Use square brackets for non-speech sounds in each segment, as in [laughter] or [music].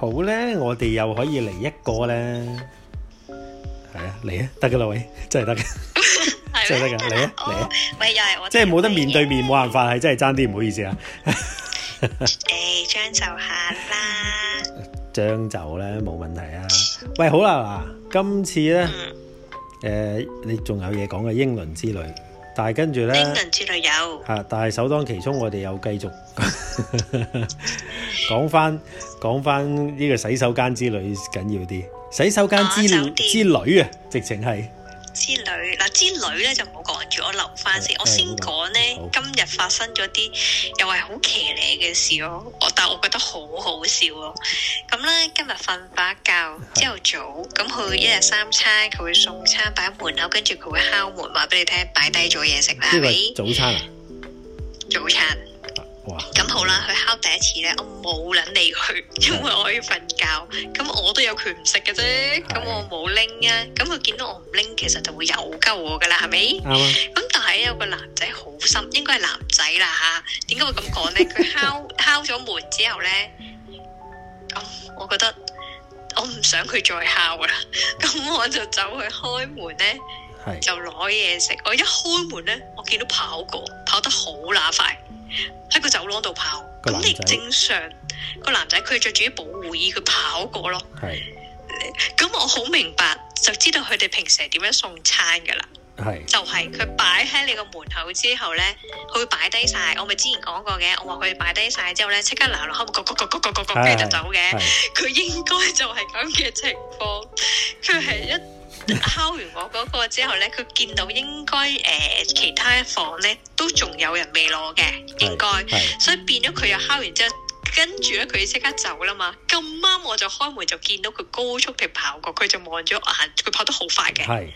好咧，我哋又可以嚟一個咧，係啊，嚟啊，得㗎啦，喂真係得㗎，真係得㗎，嚟啊嚟啊，喂又係我，即係冇得面對面，冇辦法係，真係爭啲唔好意思啊。誒，將就下啦，將就咧冇問題啊。喂，好啦嗱，今次咧，誒，你仲有嘢講嘅英倫之旅，但係跟住咧，英倫之旅有，啊，但係首當其衝，我哋又繼續。講翻講翻呢個洗手間之旅緊要啲，洗手間之之旅啊，直情係之旅。嗱，之旅咧就唔好講住，我留翻先。我先講咧，今日發生咗啲又係好騎呢嘅事咯。我但係我覺得好好笑咯。咁咧今日瞓翻一覺朝頭早，咁佢一日三餐佢會送餐擺喺門口，跟住佢會敲門話俾你聽，擺低咗嘢食啦。呢個早餐啊，早餐。咁哇好啦，佢敲第一次咧，我冇捻理佢，因為我要瞓覺。咁我都有權唔食嘅啫，咁我冇拎啊。咁佢見到我唔拎，其實就會有鳩我噶啦，係咪、嗯？咁吧但係有個男仔好心，應該係男仔啦吓。點解會咁講咧？佢敲敲咗門之後咧，我覺得我唔想佢再敲啦。咁我就走去開門咧，就攞嘢食。我一開門咧，我見到跑過，跑得好乸快。喺個走廊度跑，咁你正常個男仔佢着住啲保護衣，佢跑過咯。係，咁我好明白，就知道佢哋平時係點樣送餐噶啦。係，就係佢擺喺你個門口之後咧，佢會擺低晒。我咪之前講過嘅，我話佢擺低晒之後咧，即刻拿落口，咕咕咕咕咕咕，跟住就走嘅。佢應該就係咁嘅情況，佢係一。 [laughs] 敲完我嗰個之後咧，佢見到應該誒、呃、其他房咧都仲有人未攞嘅，應該，所以變咗佢又敲完之後，跟住咧佢即刻走啦嘛。咁啱我就開門就見到佢高速地跑過，佢就望咗我行，佢跑得好快嘅。係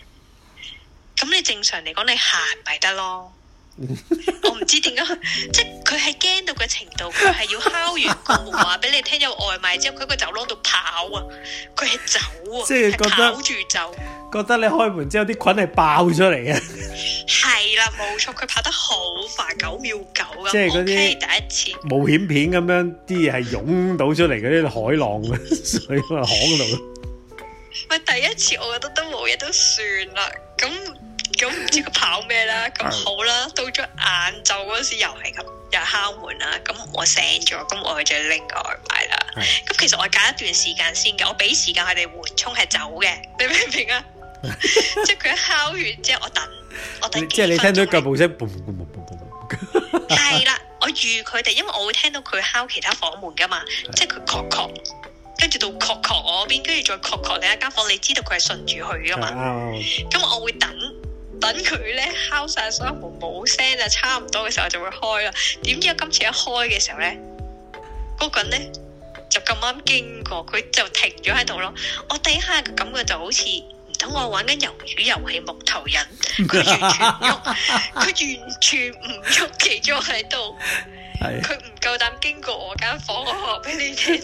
是，咁你正常嚟講你行咪得咯。 [laughs] 我唔知點解，即係佢係驚到嘅程度，佢係要敲完個門話俾你聽有外賣之後，佢個走廊度跑啊，佢係走啊，即跑住走，覺得，走覺得你開門之後啲菌係爆出嚟嘅。係啦冇錯，佢跑得好快，九秒九咁，即係嗰啲冒險片咁樣，啲嘢係湧到出嚟嗰啲海浪嘅水殼度。喂， [laughs] 第一次我覺得都冇嘢，都算啦，咁。咁唔知佢跑咩啦？咁好啦，到咗晏晝嗰時又係咁，又敲門啦。咁我醒咗，咁我就拎個外賣啦。咁其實我隔一段時間先嘅，我俾時間佢哋緩衝係走嘅，你明唔明啊？即係佢一敲完，之後我等，我等。即係你聽到腳步聲，係啦，我預佢哋，因為我會聽到佢敲其他房門噶嘛，即係佢敲敲，跟住到敲敲我邊，跟住再敲敲另一間房，你知道佢係順住去噶嘛？咁我會等。等佢咧敲晒所有門冇聲啊，差唔多嘅時候就會開啦。點知我今次一開嘅時候咧，嗰棍咧就咁啱經過，佢就停咗喺度咯。我第一下嘅感覺就好似唔通我玩緊魷魚遊戲木頭人，佢完全喐，佢 [laughs] 完全唔喐，企咗喺度。佢唔夠膽經過我間房間，我話俾你聽，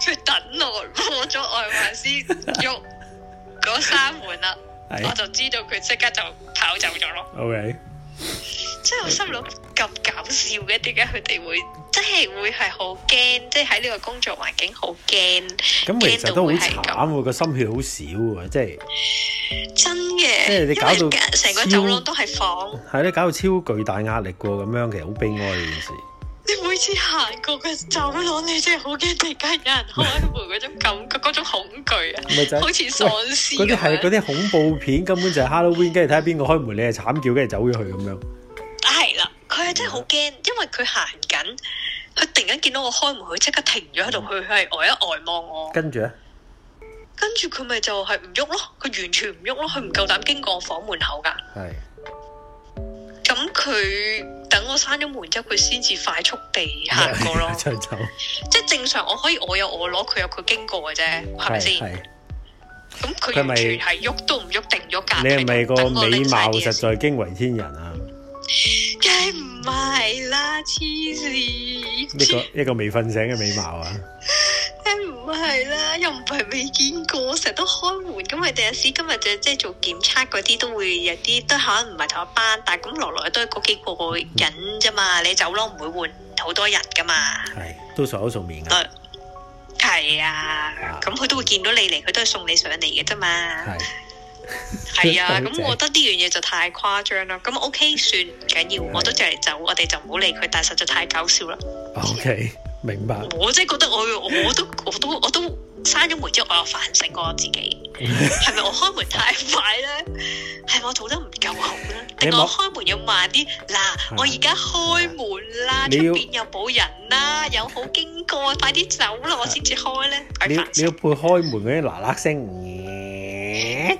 佢 [laughs] 等我摸咗外環先喐嗰三門啦、啊。我就知道佢即刻就跑走咗咯。OK，即係我心諗，咁搞笑嘅，點解佢哋會即係會係好驚？即係喺呢個工作環境好驚。咁其實都好慘喎，個心血好少啊，即係真嘅。即係你搞到成個走廊都係房。係咧，搞到超巨大壓力噶，咁樣其實好悲哀呢件事。你每次行過嘅走廊，你真係好驚突然間有人開門嗰種感覺，嗰 [laughs] 種恐懼啊，好似喪屍。嗰啲係嗰啲恐怖片，根本就係 Halloween，跟住睇下邊個開門，你係慘叫跟住走咗去咁樣。啊，係啦，佢係真係好驚，因為佢行緊，佢突然間見到我開門，佢即刻停咗喺度，佢係、嗯、呆一呆望我。跟住咧，跟住佢咪就係唔喐咯，佢完全唔喐咯，佢唔夠膽經過我房門口噶。係、嗯。咁佢、嗯、等我閂咗門之後，佢先至快速地行過咯， [laughs] 即係正常。我可以我有我攞，佢有佢經過嘅啫，係咪先？係，咁佢完全係喐都唔喐，定咗價嘅。你係咪個美貌實在驚為天人啊？ [laughs] 梗係唔係啦，黐線 [laughs] 一個一個未瞓醒嘅美貌啊！梗唔係啦，又唔係未見過，成日都開門咁。佢第日師今日就是，即係做檢測嗰啲，都會有啲都可能唔係同一班，但係咁來來都係嗰幾個個人啫嘛。嗯、你走咯，唔會換好多人噶嘛。係都熟口熟面啊。係、呃、啊，咁佢、啊嗯、都會見到你嚟，佢都係送你上嚟嘅啫嘛。係 [laughs] 啊，咁棒、嗯、我覺得呢樣嘢就太誇張啦。咁、嗯、OK，算唔緊要，我都對我就嚟走，我哋就唔好理佢。但係實在太搞笑啦。OK，明白。我真係覺得我，我都，我都，我都閂咗門之後，我又反省過我自己，係咪我開門太快咧？係我做得唔夠好咧？定我開門要慢啲？嗱，我而家開門啦，出邊又冇人啦，有好經過，要快啲走咯，我先至開咧。你要配開門啲嗱嗱聲。喇喇喇嗯。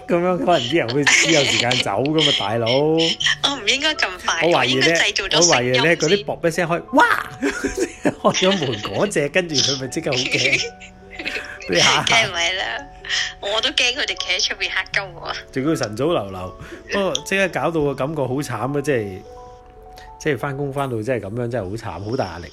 咁樣可能啲人會啲有時間走噶嘛，大佬。我唔應該咁快。我懷疑咧，造我懷疑咧，嗰啲搏一聲開，哇， [laughs] 開咗門嗰隻，跟住佢咪即刻好驚。 [laughs] 你吓？係咪啦？我都驚佢哋企喺出邊嚇鳩我。仲要晨早流流，不過即刻搞到個感覺好慘啊！即係即係翻工翻到即係咁樣，真係好慘，好大壓力。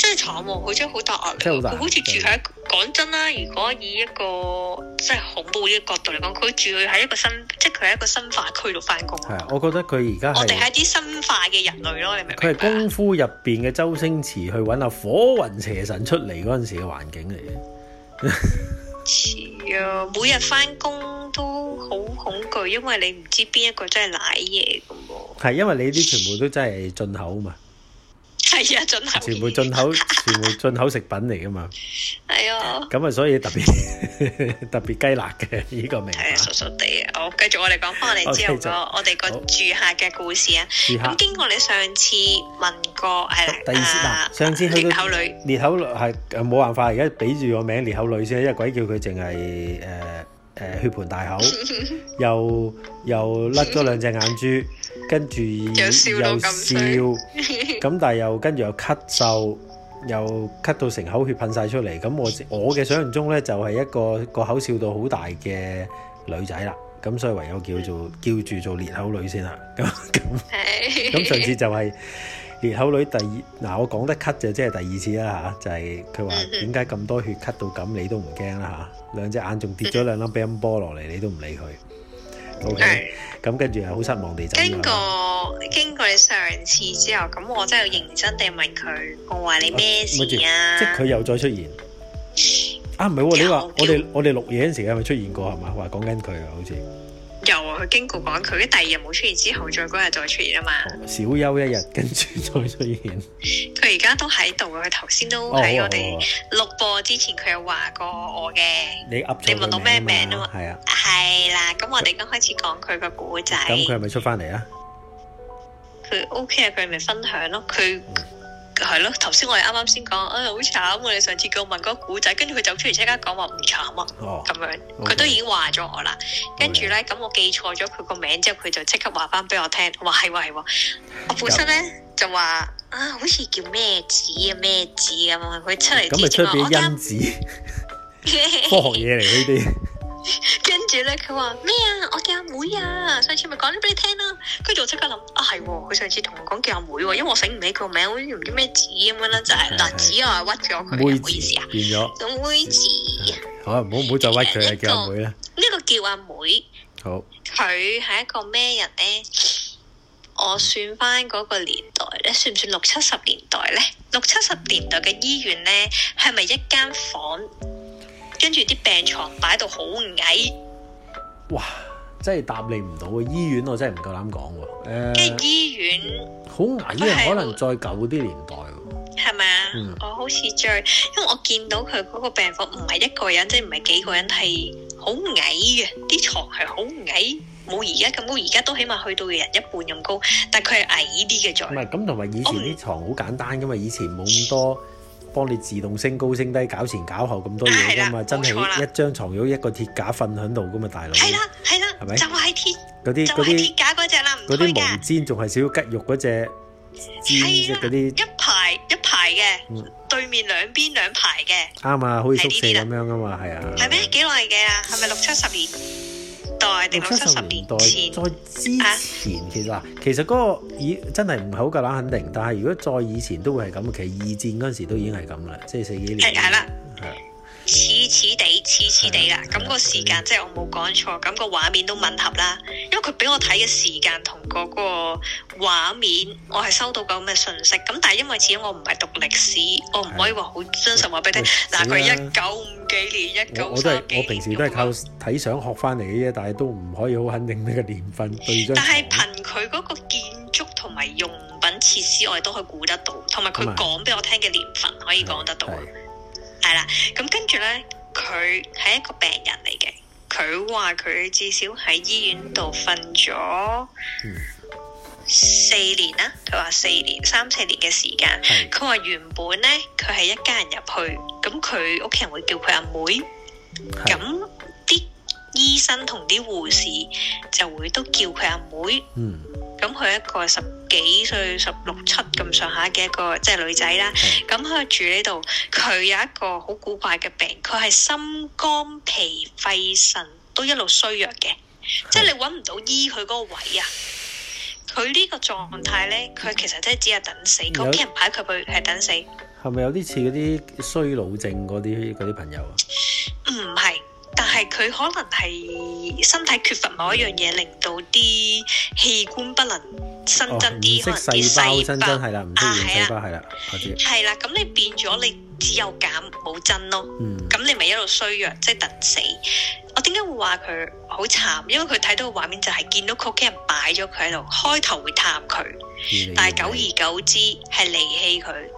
真係慘喎，佢真係好大壓力。佢好似住喺，講對真啦，如果以一個即係恐怖呢個角度嚟講，佢住喺一個新，即係佢喺一個新化區度翻工。係啊，我覺得佢而家我哋係一啲新化嘅人類咯、啊，你明唔明？佢係功夫入邊嘅周星馳去搵下火雲邪神出嚟嗰陣時嘅環境嚟嘅。似啊，每日翻工都好恐懼，因為你唔知邊一個真係舐嘢咁喎。係、啊，因為你啲全部都真係進口啊嘛。係啊，進口全部進口，全部進口食品嚟噶嘛。係啊。咁啊，所以特別特別雞辣嘅呢個名。係啊，熟熟地啊，好繼續我哋講翻嚟之後個，我哋個住客嘅故事啊。住客。咁經過你上次問過，係啊，第二次，上次去咗裂口女，裂口女係誒，冇辦法，而家俾住個名裂口女先，因為鬼叫佢淨係誒。呃、血盆大口，又又甩咗兩隻眼珠，跟住 [laughs] 又笑，咁但係又跟住又咳嗽，又咳到成口血噴晒出嚟，咁我我嘅想像中呢，就係、是、一個個口笑到好大嘅女仔啦，咁所以唯有叫做叫住做裂口女先啦，咁咁 [laughs] 上次就係、是。裂口女第二嗱，我講得咳就即係第二次啦吓、啊，就係佢話點解咁多血咳到咁，你都唔驚啦吓，兩隻眼仲跌咗兩粒乒乓波落嚟，你都唔理佢。O K，咁跟住又好失望地就經過經過你上次之後，咁我真係認真地問佢，我話你咩事啊？啊即係佢又再出現啊？唔係、啊、你話我哋我哋錄影嗰時有冇出現過係嘛？話講緊佢啊，好似。又佢、啊、經過講佢啲第二日冇出現之後，再嗰日再出現啊嘛，小休一日，跟住再出現在在。佢而家都喺度啊！佢頭先都喺我哋錄播之前，佢有話過我嘅。Oh, oh, oh. 你噏，你問到咩名啊嘛？係啊，係啦、啊。咁我哋剛開始講佢個古仔。咁佢係咪出翻嚟啊？佢 OK 啊！佢係咪分享咯？佢、嗯。嗯嗯嗯嗯嗯係咯，頭先我哋啱啱先講，啊、哎、好慘！我哋上次叫我問嗰個古仔，跟住佢就出嚟即刻講話唔慘啊，咁樣佢、oh, okay. 都已經話咗我啦。跟住咧，咁、嗯 Okay. 嗯、我記錯咗佢個名之後，佢就即刻話翻俾我聽，話係喎係喎。我本身咧就話啊，好似叫咩子啊咩子啊，佢、啊嗯、出嚟咁咪出俾因子，聽 [laughs] 科學嘢嚟呢啲。 [laughs] 跟住咧，佢話咩啊？我叫阿妹啊，上次咪講咗俾你聽、啊、啦。佢就即刻諗，啊係，佢、啊、上次同我講叫阿妹、啊，因為我醒唔起佢個名，好似用啲咩字咁樣啦。就係、是、嗱，字我係屈咗佢，唔子好意思啊，變咗咁妹字子啊，好唔好唔好再屈佢啊叫阿妹咧？呢個叫阿妹，好，佢係一個咩人咧？我算翻嗰個年代咧，算唔算六七十年代咧？六七十年代嘅醫院咧，係咪一間房？跟住啲病床擺到好矮，哇！真係答你唔到啊！醫院我真係唔夠膽講喎。誒、呃，跟住醫院好矮，因為 Okay, 可能再舊啲年代。係咪啊？嗯、我好似最，因為我見到佢嗰個病房唔係一個人，即係唔係幾個人，係好矮嘅，啲床係好矮，冇而家咁高，而家都起碼去到人一半咁高，但係佢係矮啲嘅啫。唔係，咁同埋以前啲床好簡單噶嘛，不以前冇咁多。幫你自動升高升低，搞前搞後咁多嘢噶嘛，真係一張床褥一個鐵架瞓喺度噶嘛，大佬。係啦係啦，係咪？就係鐵。嗰啲嗰啲鐵架嗰隻啦，嗰啲毛氈仲係少少吉肉嗰隻。係啦。一排一排嘅，對面兩邊兩排嘅。啱啊，好似宿舍咁樣噶嘛，係啊。係咩？幾耐嘅？係咪六七十年？六七十年代再之前，啊、其實嗱，其實嗰、嗰個咦真係唔好噶啦，肯定。但係如果再以前都會係咁，其實二戰嗰陣時都已經係咁啦，即、就、係、係、四幾年。似似地，似似地啦，咁的個時間的即係我冇講錯，咁個畫面都吻合啦。因為佢俾我睇嘅時間同嗰個畫面，我係收到咁嘅信息。咁但係因為始終我唔係讀歷史，的我唔可以話好真實話俾你聽。嗱的，佢一九五幾年，一九七幾年我，我平時都係靠睇相學翻嚟嘅啫，但係都唔可以好肯定呢個年份。但係憑佢嗰個建築同埋用品設施，我哋都可以估得到，同埋佢講俾我聽嘅年份可以講得到。係啦，咁跟住咧，佢係一個病人嚟嘅。佢話佢至少喺醫院度瞓咗四年啦、啊。佢話四年，三四年嘅時間。佢話是的 原本咧，佢係一家人入去，咁佢屋企人會叫佢阿妹咁。是的 醫生同啲護士就會都叫佢阿妹，妹。嗯。咁佢一個十幾歲、十六七咁上下嘅一個即係、就是、女仔啦。咁佢住呢度，佢有一個好古怪嘅病，佢係心肝脾肺腎都一路衰弱嘅，的即係你揾唔到醫佢嗰個位啊。佢呢個狀態咧，佢其實真係只係等死。有後。屋企人排佢，佢係等死。係咪有啲似嗰啲衰老症啲嗰啲朋友啊？唔係、嗯。但係佢可能係身體缺乏某一樣嘢，嗯、令到啲器官不能新增啲可能啲細胞，新增係啦，唔少係啦，係啦的，咁、啊啊、你變咗你只有減冇增咯，咁、嗯、你咪一路衰弱，即係等死。我點解會話佢好慘？因為佢睇到個畫面就係見到佢屋企人擺咗佢喺度，開頭會探佢，嗯嗯、但係久而久之係離棄佢，嗯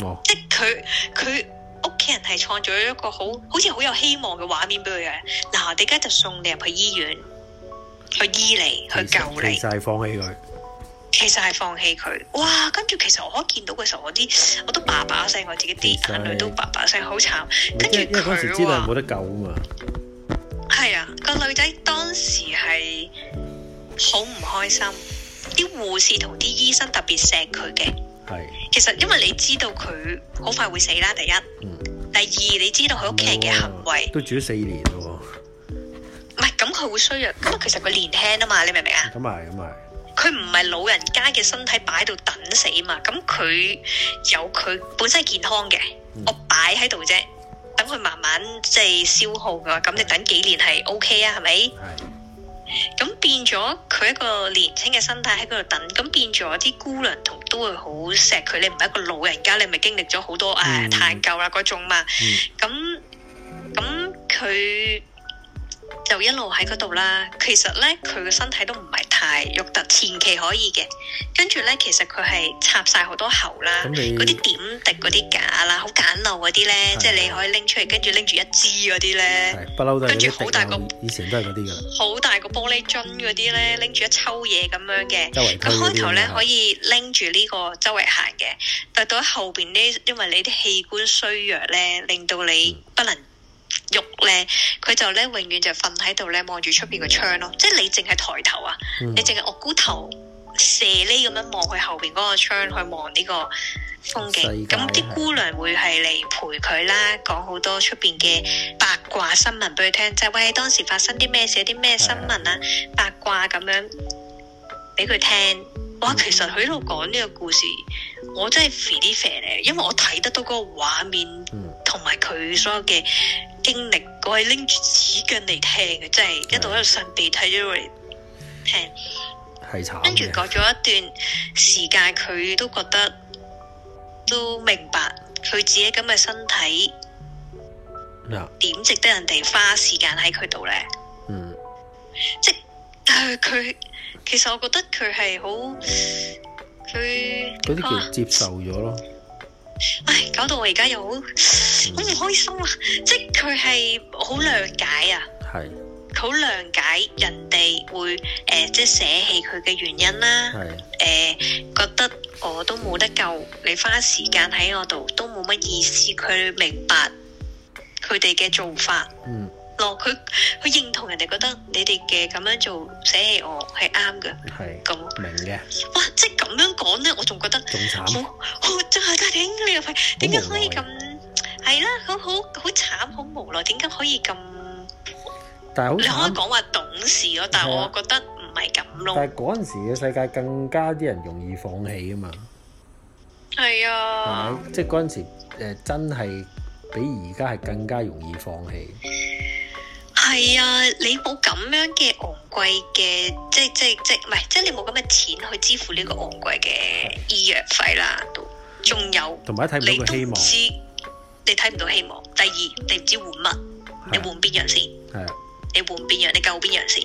嗯哦、即係佢佢。屋企人係創造咗一個好好似好有希望嘅畫面俾佢嘅，嗱，我哋而家就送你入去醫院去醫你去救你。其實係放棄佢，其實係放棄佢。哇！跟住其實我見到嘅時候，我啲我都爸爸聲，我自己啲眼淚都爸爸聲，好慘。其實，跟住佢知道冇得救啊嘛。係啊，個女仔當時係好唔開心，啲護士同啲醫生特別錫佢嘅。係，是其實因為你知道佢好快會死啦，第一，嗯、第二你知道佢屋企人嘅行為都住咗四年喎，唔係咁佢會衰弱，咁啊其實佢年輕啊嘛，你明唔明啊？咁啊，咁啊，佢唔係老人家嘅身體擺喺度等死嘛，咁佢有佢本身健康嘅，嗯、我擺喺度啫，等佢慢慢即係消耗㗎，咁你等幾年係 OK 啊，係咪？咁變咗佢一個年輕嘅身體喺嗰度等，咁變咗啲姑娘同都會好錫佢。你唔係一個老人家，你咪經歷咗好多誒、嗯啊，太舊啦嗰種嘛。咁咁佢。就一路喺嗰度啦。其實咧，佢嘅身體都唔係太肉凸，前期可以嘅。跟住咧，其實佢係插晒好多喉啦，嗰啲你點滴嗰啲架啦，好、嗯、簡陋嗰啲咧，對即係你可以拎出嚟，跟住拎住一支嗰啲咧，跟住好大個，以前都係嗰啲嘅。好大個玻璃樽嗰啲咧，拎住一抽嘢咁樣嘅。佢圍開頭咧可以拎住呢個周圍行嘅，但到喺後邊呢，因為你啲器官衰弱咧，令到你不能、嗯。肉咧，佢就咧永遠就瞓喺度咧，望住出邊個窗咯。即係你淨係抬頭啊，你淨係惡姑頭射呢咁樣望去後邊嗰個窗去望呢個風景。咁啲姑娘會係嚟陪佢啦，講好多出邊嘅八卦新聞俾佢聽，即係喂當時發生啲咩事，有啲咩新聞啊八卦咁樣俾佢聽。哇，其實佢喺度講呢個故事，我真係肥啲肥嚟，因為我睇得到嗰個畫面，同埋佢所有嘅。經歷，我係拎住紙巾嚟聽嘅，真係一度喺度擤鼻涕咗嚟聽，係慘。跟住過咗一段時間，佢都覺得都明白，佢自己咁嘅身體，咩啊、點值得人哋花時間喺佢度咧？嗯，即係佢、呃，其實我覺得佢係好，佢啲其實接受咗咯。唉、哎，搞到我而家又好，好唔開心啊！即係佢係好諒解啊，係好諒解人哋會誒、呃，即係捨棄佢嘅原因啦、啊。係誒的、呃，覺得我都冇得救，你花時間喺我度都冇乜意思。佢明白佢哋嘅做法。嗯。佢佢、哦、認同人哋覺得你哋嘅咁樣做寫戲，我係啱嘅，係、哦、咁樣明嘅。哇，即係咁樣講咧，我仲覺得仲慘，好就係頂你個肺，點、哦、解可以咁係啦？好好好慘，好無奈，點解可以咁？但係你可以講話懂事咯，但係我覺得唔係咁咯。但係嗰陣時嘅世界更加啲人容易放棄啊嘛。係啊，即係嗰陣時誒，真係比而家係更加容易放棄。係啊，你冇咁樣嘅昂貴嘅，即係即係即係，唔係即係你冇咁嘅錢去支付呢個昂貴嘅醫藥費啦。仲有，同埋睇你都唔知希望，你睇唔到希望。第二，你唔知換乜，啊、你換邊樣先？啊、你換邊樣？你救邊樣先？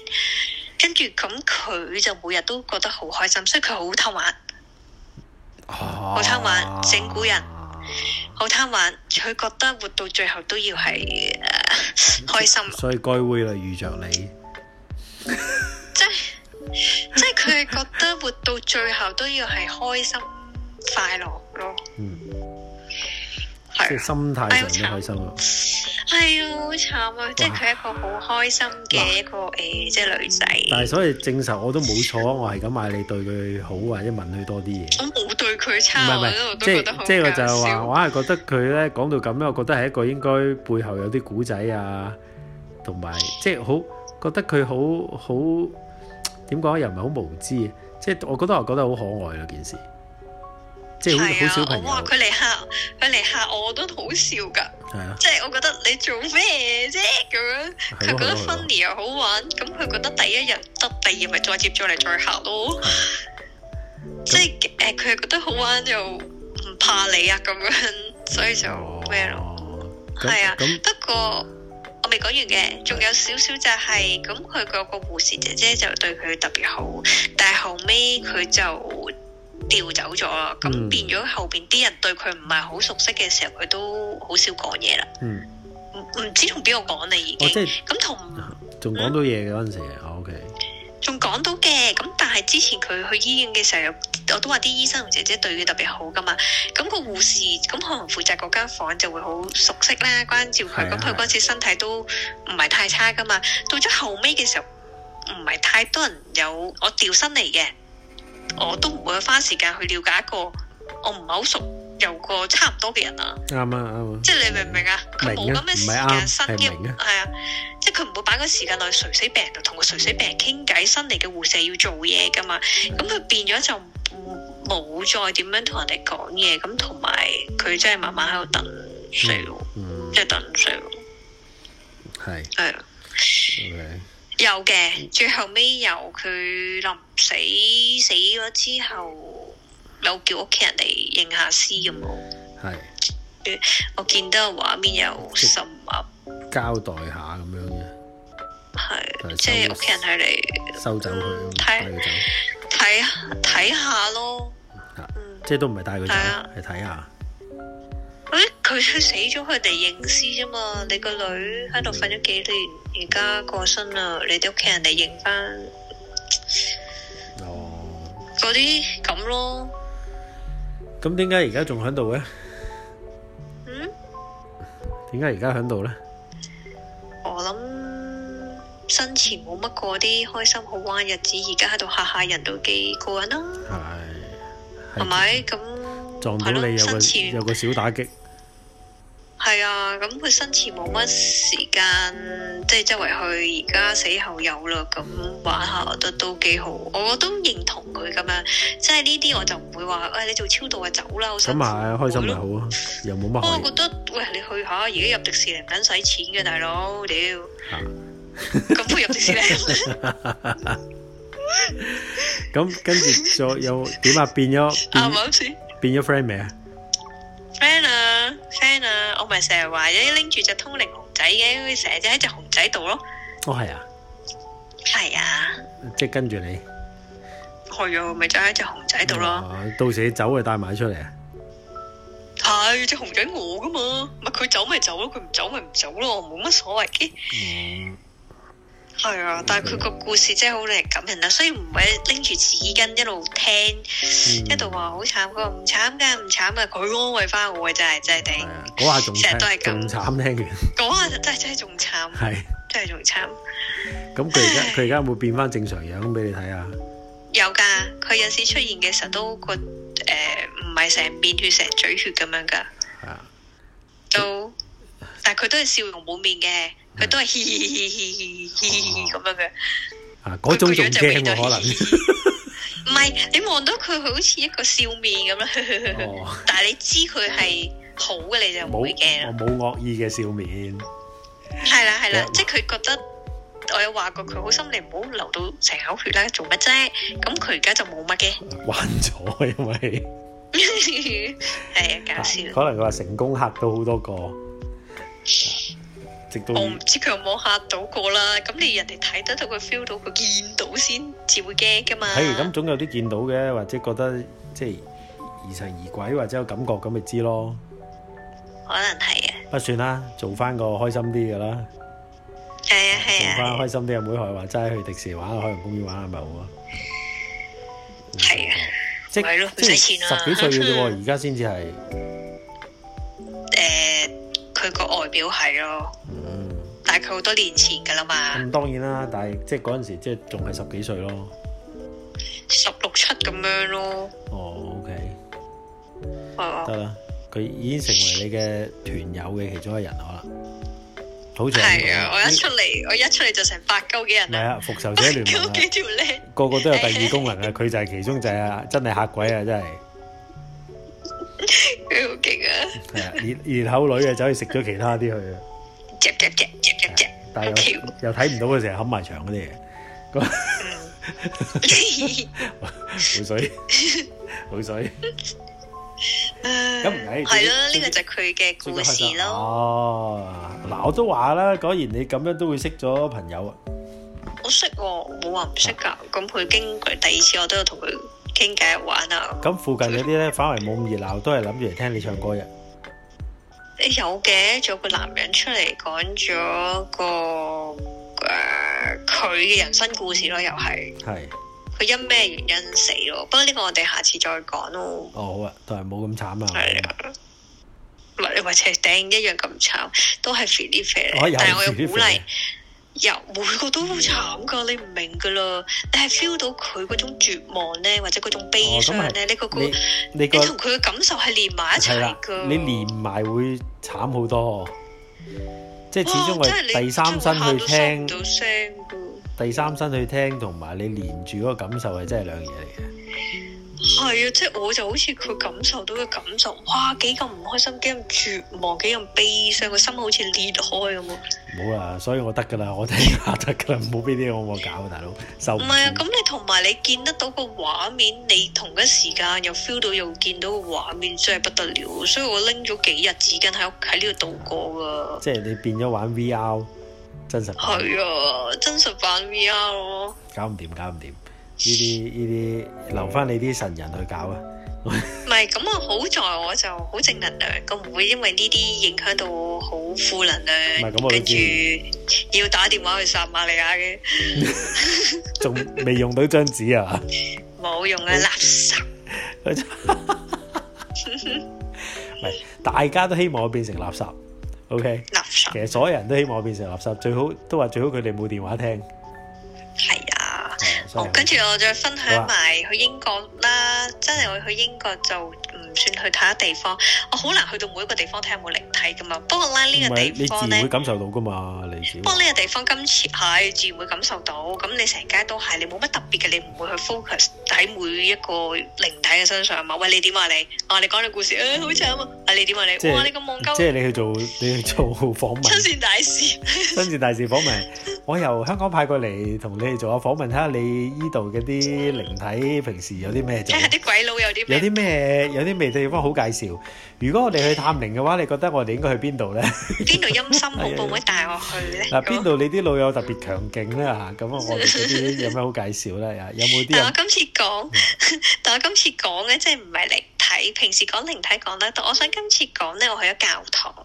跟住咁，佢就每日都覺得好開心，所以佢好貪玩，好貪玩、啊、整蠱人。好貪玩，佢覺得活到最後都要係誒 [laughs] 開心，所以該會嚟遇着你，即係即係佢覺得活到最後都要係開心 [laughs] 快樂咯。嗯即係心態上都開心咯，係、哎哎、啊，好慘啊！即係佢一個好開心嘅一個誒，即係女仔。但係所以證實我都冇錯， [laughs] 我係咁嗌你對佢好，或者問佢多啲嘢。我冇對佢差。唔係唔係，以即係即係我就話， [laughs] 我係覺得佢咧講到咁樣，我覺得係一個應該背後有啲古仔啊，同埋即係好覺得佢好好點講又唔係好無知，即係我覺得我覺得好可愛嗰件事。係啊，我話佢嚟吓，佢嚟吓我都好笑噶，即係我覺得你做咩啫咁樣？佢覺得 funny 又好玩，咁佢覺得第一日得，第二日再接咗嚟再吓咯。即係誒，佢係覺得好玩就唔怕你啊咁樣，所以就咩咯？係啊，不過我未講完嘅，仲有少少就係咁，佢嗰個護士姐姐就對佢特別好，但係後尾佢就。調走咗啦，咁、嗯、變咗後邊啲人對佢唔係好熟悉嘅時候，佢都好少講嘢啦。唔唔、嗯、知同邊個講你已經。咁同仲講到嘢嘅嗰陣時，O K。仲講、嗯、到嘅，咁、嗯、但係之前佢去醫院嘅時候，我都話啲醫生同姐姐對佢特別好噶嘛。咁、個護士咁可能負責嗰間房就會好熟悉啦，關照佢。咁佢嗰陣時身體都唔係太差噶嘛。到咗後尾嘅時候，唔係太多人有我調身嚟嘅。我都唔會花時間去了解一個我唔係好熟又個差唔多嘅人、嗯嗯、啊！啱啊啱，即係你明唔明啊？佢冇咁嘅時間新嘅係啊！即係佢唔會擺個時間落去垂死病人同個垂死病人傾偈。新嚟嘅護士要做嘢噶嘛？咁佢、嗯、變咗就冇再點樣同人哋講嘢，咁同埋佢真係慢慢喺度等死咯，即係、嗯嗯、等死咯。係。係。有嘅，最後尾由佢臨死死咗之後，有叫屋企人嚟認、嗯、下屍咁咯。係、嗯，我見到畫面有深壓交代下咁樣嘅，係，即係屋企人係嚟收走佢咯，帶佢睇下咯，即係都唔係帶佢走，係睇、嗯、下。誒、欸，佢死咗，佢嚟認屍啫嘛，你個女喺度瞓咗幾年？嗯而家過身啦，你哋屋企人嚟認翻，嗰啲咁咯。咁點解而家仲喺度嘅？嗯？點解而家喺度咧？我諗生前冇乜過啲開心好玩嘅日子，而家喺度嚇吓人都幾過癮啦，啊。係係咪咁？撞到你有個有個小打擊。係啊，咁佢生前冇乜時間，即係周圍去，而家死後有啦，咁玩下我覺得都幾好。我都認同佢咁樣，即係呢啲我就唔會話，喂，你做超度啊走啦，我生前開心咪好咯，又冇乜。不過我覺得，喂，你去下，而家入迪士尼唔撚使錢嘅大佬，屌，咁不如入迪士尼。咁跟住再又點啊？變咗，唔好意思，變咗 friend 未啊？friend 啊。friend、哦、啊，我咪成日話要拎住隻通靈熊仔嘅，成日就喺隻熊仔度咯。哦，係啊，係啊，即係跟住你。係啊，咪就喺隻熊仔度咯。到時你走咪帶埋出嚟啊。係隻、哎、熊仔我噶嘛，咪佢走咪走咯，佢唔走咪唔走咯，冇乜所謂嘅。嗯係啊，但係佢個故事真係好令人感人啦，所以唔係拎住紙巾一路聽，嗯、一度話好慘，佢唔慘噶，唔慘啊。佢、啊、安慰翻我嘅真係真係頂。嗰下仲慘，咁慘，慘聽完。嗰下、哦、真真係仲慘，係的真係仲慘。咁佢而家佢而家會變翻正常樣俾你睇啊？有噶，佢有時出現嘅時候都個誒唔係成面血成嘴血咁樣噶，的都 [laughs] 但係佢都係笑容滿面嘅。佢都係嘻嘻嘻嘻嘻嘻咁樣嘅，啊，嗰種仲驚喎，可能唔係 [laughs] 你望到佢好似一個笑面咁樣， [laughs] 哦、但係你知佢係好嘅，你就唔會驚咯，冇惡意嘅笑面，係啦係啦，啊嗯、即係佢覺得，我有話過佢好心，你唔好流到成口血啦，做乜啫？咁佢而家就冇乜嘅，暈咗，因為係 [laughs] 啊，搞笑、啊，可能佢話成功吓到好多個。我唔知佢有冇吓到過啦，咁你人哋睇得到佢 feel 到佢見到先，至會驚噶嘛。係，咁總有啲見到嘅，或者覺得即係疑神疑鬼，或者有感覺咁咪知咯。可能係啊。不算啦，做翻個開心啲噶啦。係啊係啊。做翻開心啲阿妹，可以話齋去迪士尼玩啊，海洋公園玩啊，咪好啊。係啊，即係即係十幾歲嘅啫喎，而家先至係。誒，佢個外表係咯。佢好多年前㗎喇嘛，咁當然啦，但係即係嗰陣時，即係仲係十幾歲咯，十六七咁樣咯。哦，OK，得啦了，佢已經成為你嘅團友嘅其中一人啦。好長，係啊！我一出嚟， [noise] 我一出嚟就成八鳩嘅人啦。係啊、哎，復仇者聯盟啊，幾條靚， [noise] 個個都有第二功能啊！佢就係其中就係真係嚇鬼啊！真係，佢好勁啊！係啊，熱口女啊走以食咗其他啲去啊。又睇唔到佢成日冚埋牆嗰啲嘢，口水，口水。咁唔係，係咯。呢個就係佢嘅故事咯。哦，嗱，我都話啦，果然你咁樣都會識咗朋友啊。我識，冇話唔識噶。咁佢經過第二次，我都有同佢傾偈玩啊。咁附近嗰啲咧，反為冇咁熱鬧，都係諗住嚟聽你唱歌嘅。誒，有嘅，仲有個男人出嚟講咗個誒佢嘅人生故事咯，又係，佢是因咩原因死咯？不過呢個我哋下次再講咯。哦，好啊，但係冇咁慘啊。係啊的，唔係你話邪頂一樣咁慘，都係肥啲肥咧，哦、但係我要鼓勵。由、yeah, 每個都好慘噶，你唔明噶啦，你係 feel 到佢嗰種絕望咧，或者嗰種悲傷咧，哦這個、你、那個個你同佢嘅感受係連埋一齊噶。你連埋會慘好多，即、就、係、是、始終係第三身去聽，哦、到第三身去聽，同埋你連住嗰個感受係真係兩樣嘢嚟嘅。係啊，即係我就好似佢感受到嘅感受，哇，幾咁唔開心，幾咁絕望，幾咁悲傷，個心好似裂開咁啊！冇啊，所以我得噶啦，我聽下得噶啦，唔好俾啲我，我搞大佬。唔係啊，咁你同埋你見得到個畫面，你同一時間又 feel 到又見到個畫面，真係不得了。所以我拎咗幾日紙巾喺屋喺呢度度過噶。即係你變咗玩 VR，真實係啊，真實版 VR 咯。搞唔掂，搞唔掂。呢啲呢啲留翻你啲神人去搞啊！唔係咁啊，好在我就好正能量，我唔會因為呢啲影響到我好負能量。唔係咁，我諗住。要打電話去殺瑪利亞嘅，仲未用到張紙啊？冇用啊，垃圾。唔係，大家都希望我變成垃圾。OK，垃圾。其實所有人都希望我變成垃圾，最好都話最好佢哋冇電話聽。Oh, [noise] 跟住我再分享埋、啊、去英國啦，真係我去英國就唔。算去睇下地方，我好難去到每一個地方睇有冇靈體噶嘛。不過拉呢個地方咧，你自然會感受到噶嘛，你自然。不過呢個地方今次係自然會感受到，咁你成街都係，你冇乜特別嘅，你唔會去 focus 喺每一個靈體嘅身上嘛。喂，你點啊你？哦，你講啲故事啊，好慘啊！喂，你點啊你？哇，你咁忘鳩。即係你去做，你去做訪問。親善大使，親善大使訪問，我由香港派過嚟同你做下訪問，睇下你依度嘅啲靈體平時有啲咩做。睇下啲鬼佬有啲咩。有啲咩？有啲咩？有乜好介紹？如果我哋去探靈嘅話，你覺得我哋應該去邊度咧？邊度陰森恐怖，會唔會帶我去咧？嗱，邊度你啲老友特別強勁咧？嚇，咁我唔知有咩好介紹咧？有有冇啲？但係我今次講，但係我今次講咧，即係唔係靈體？平時講靈體講得多，我想今次講咧，我去咗教堂。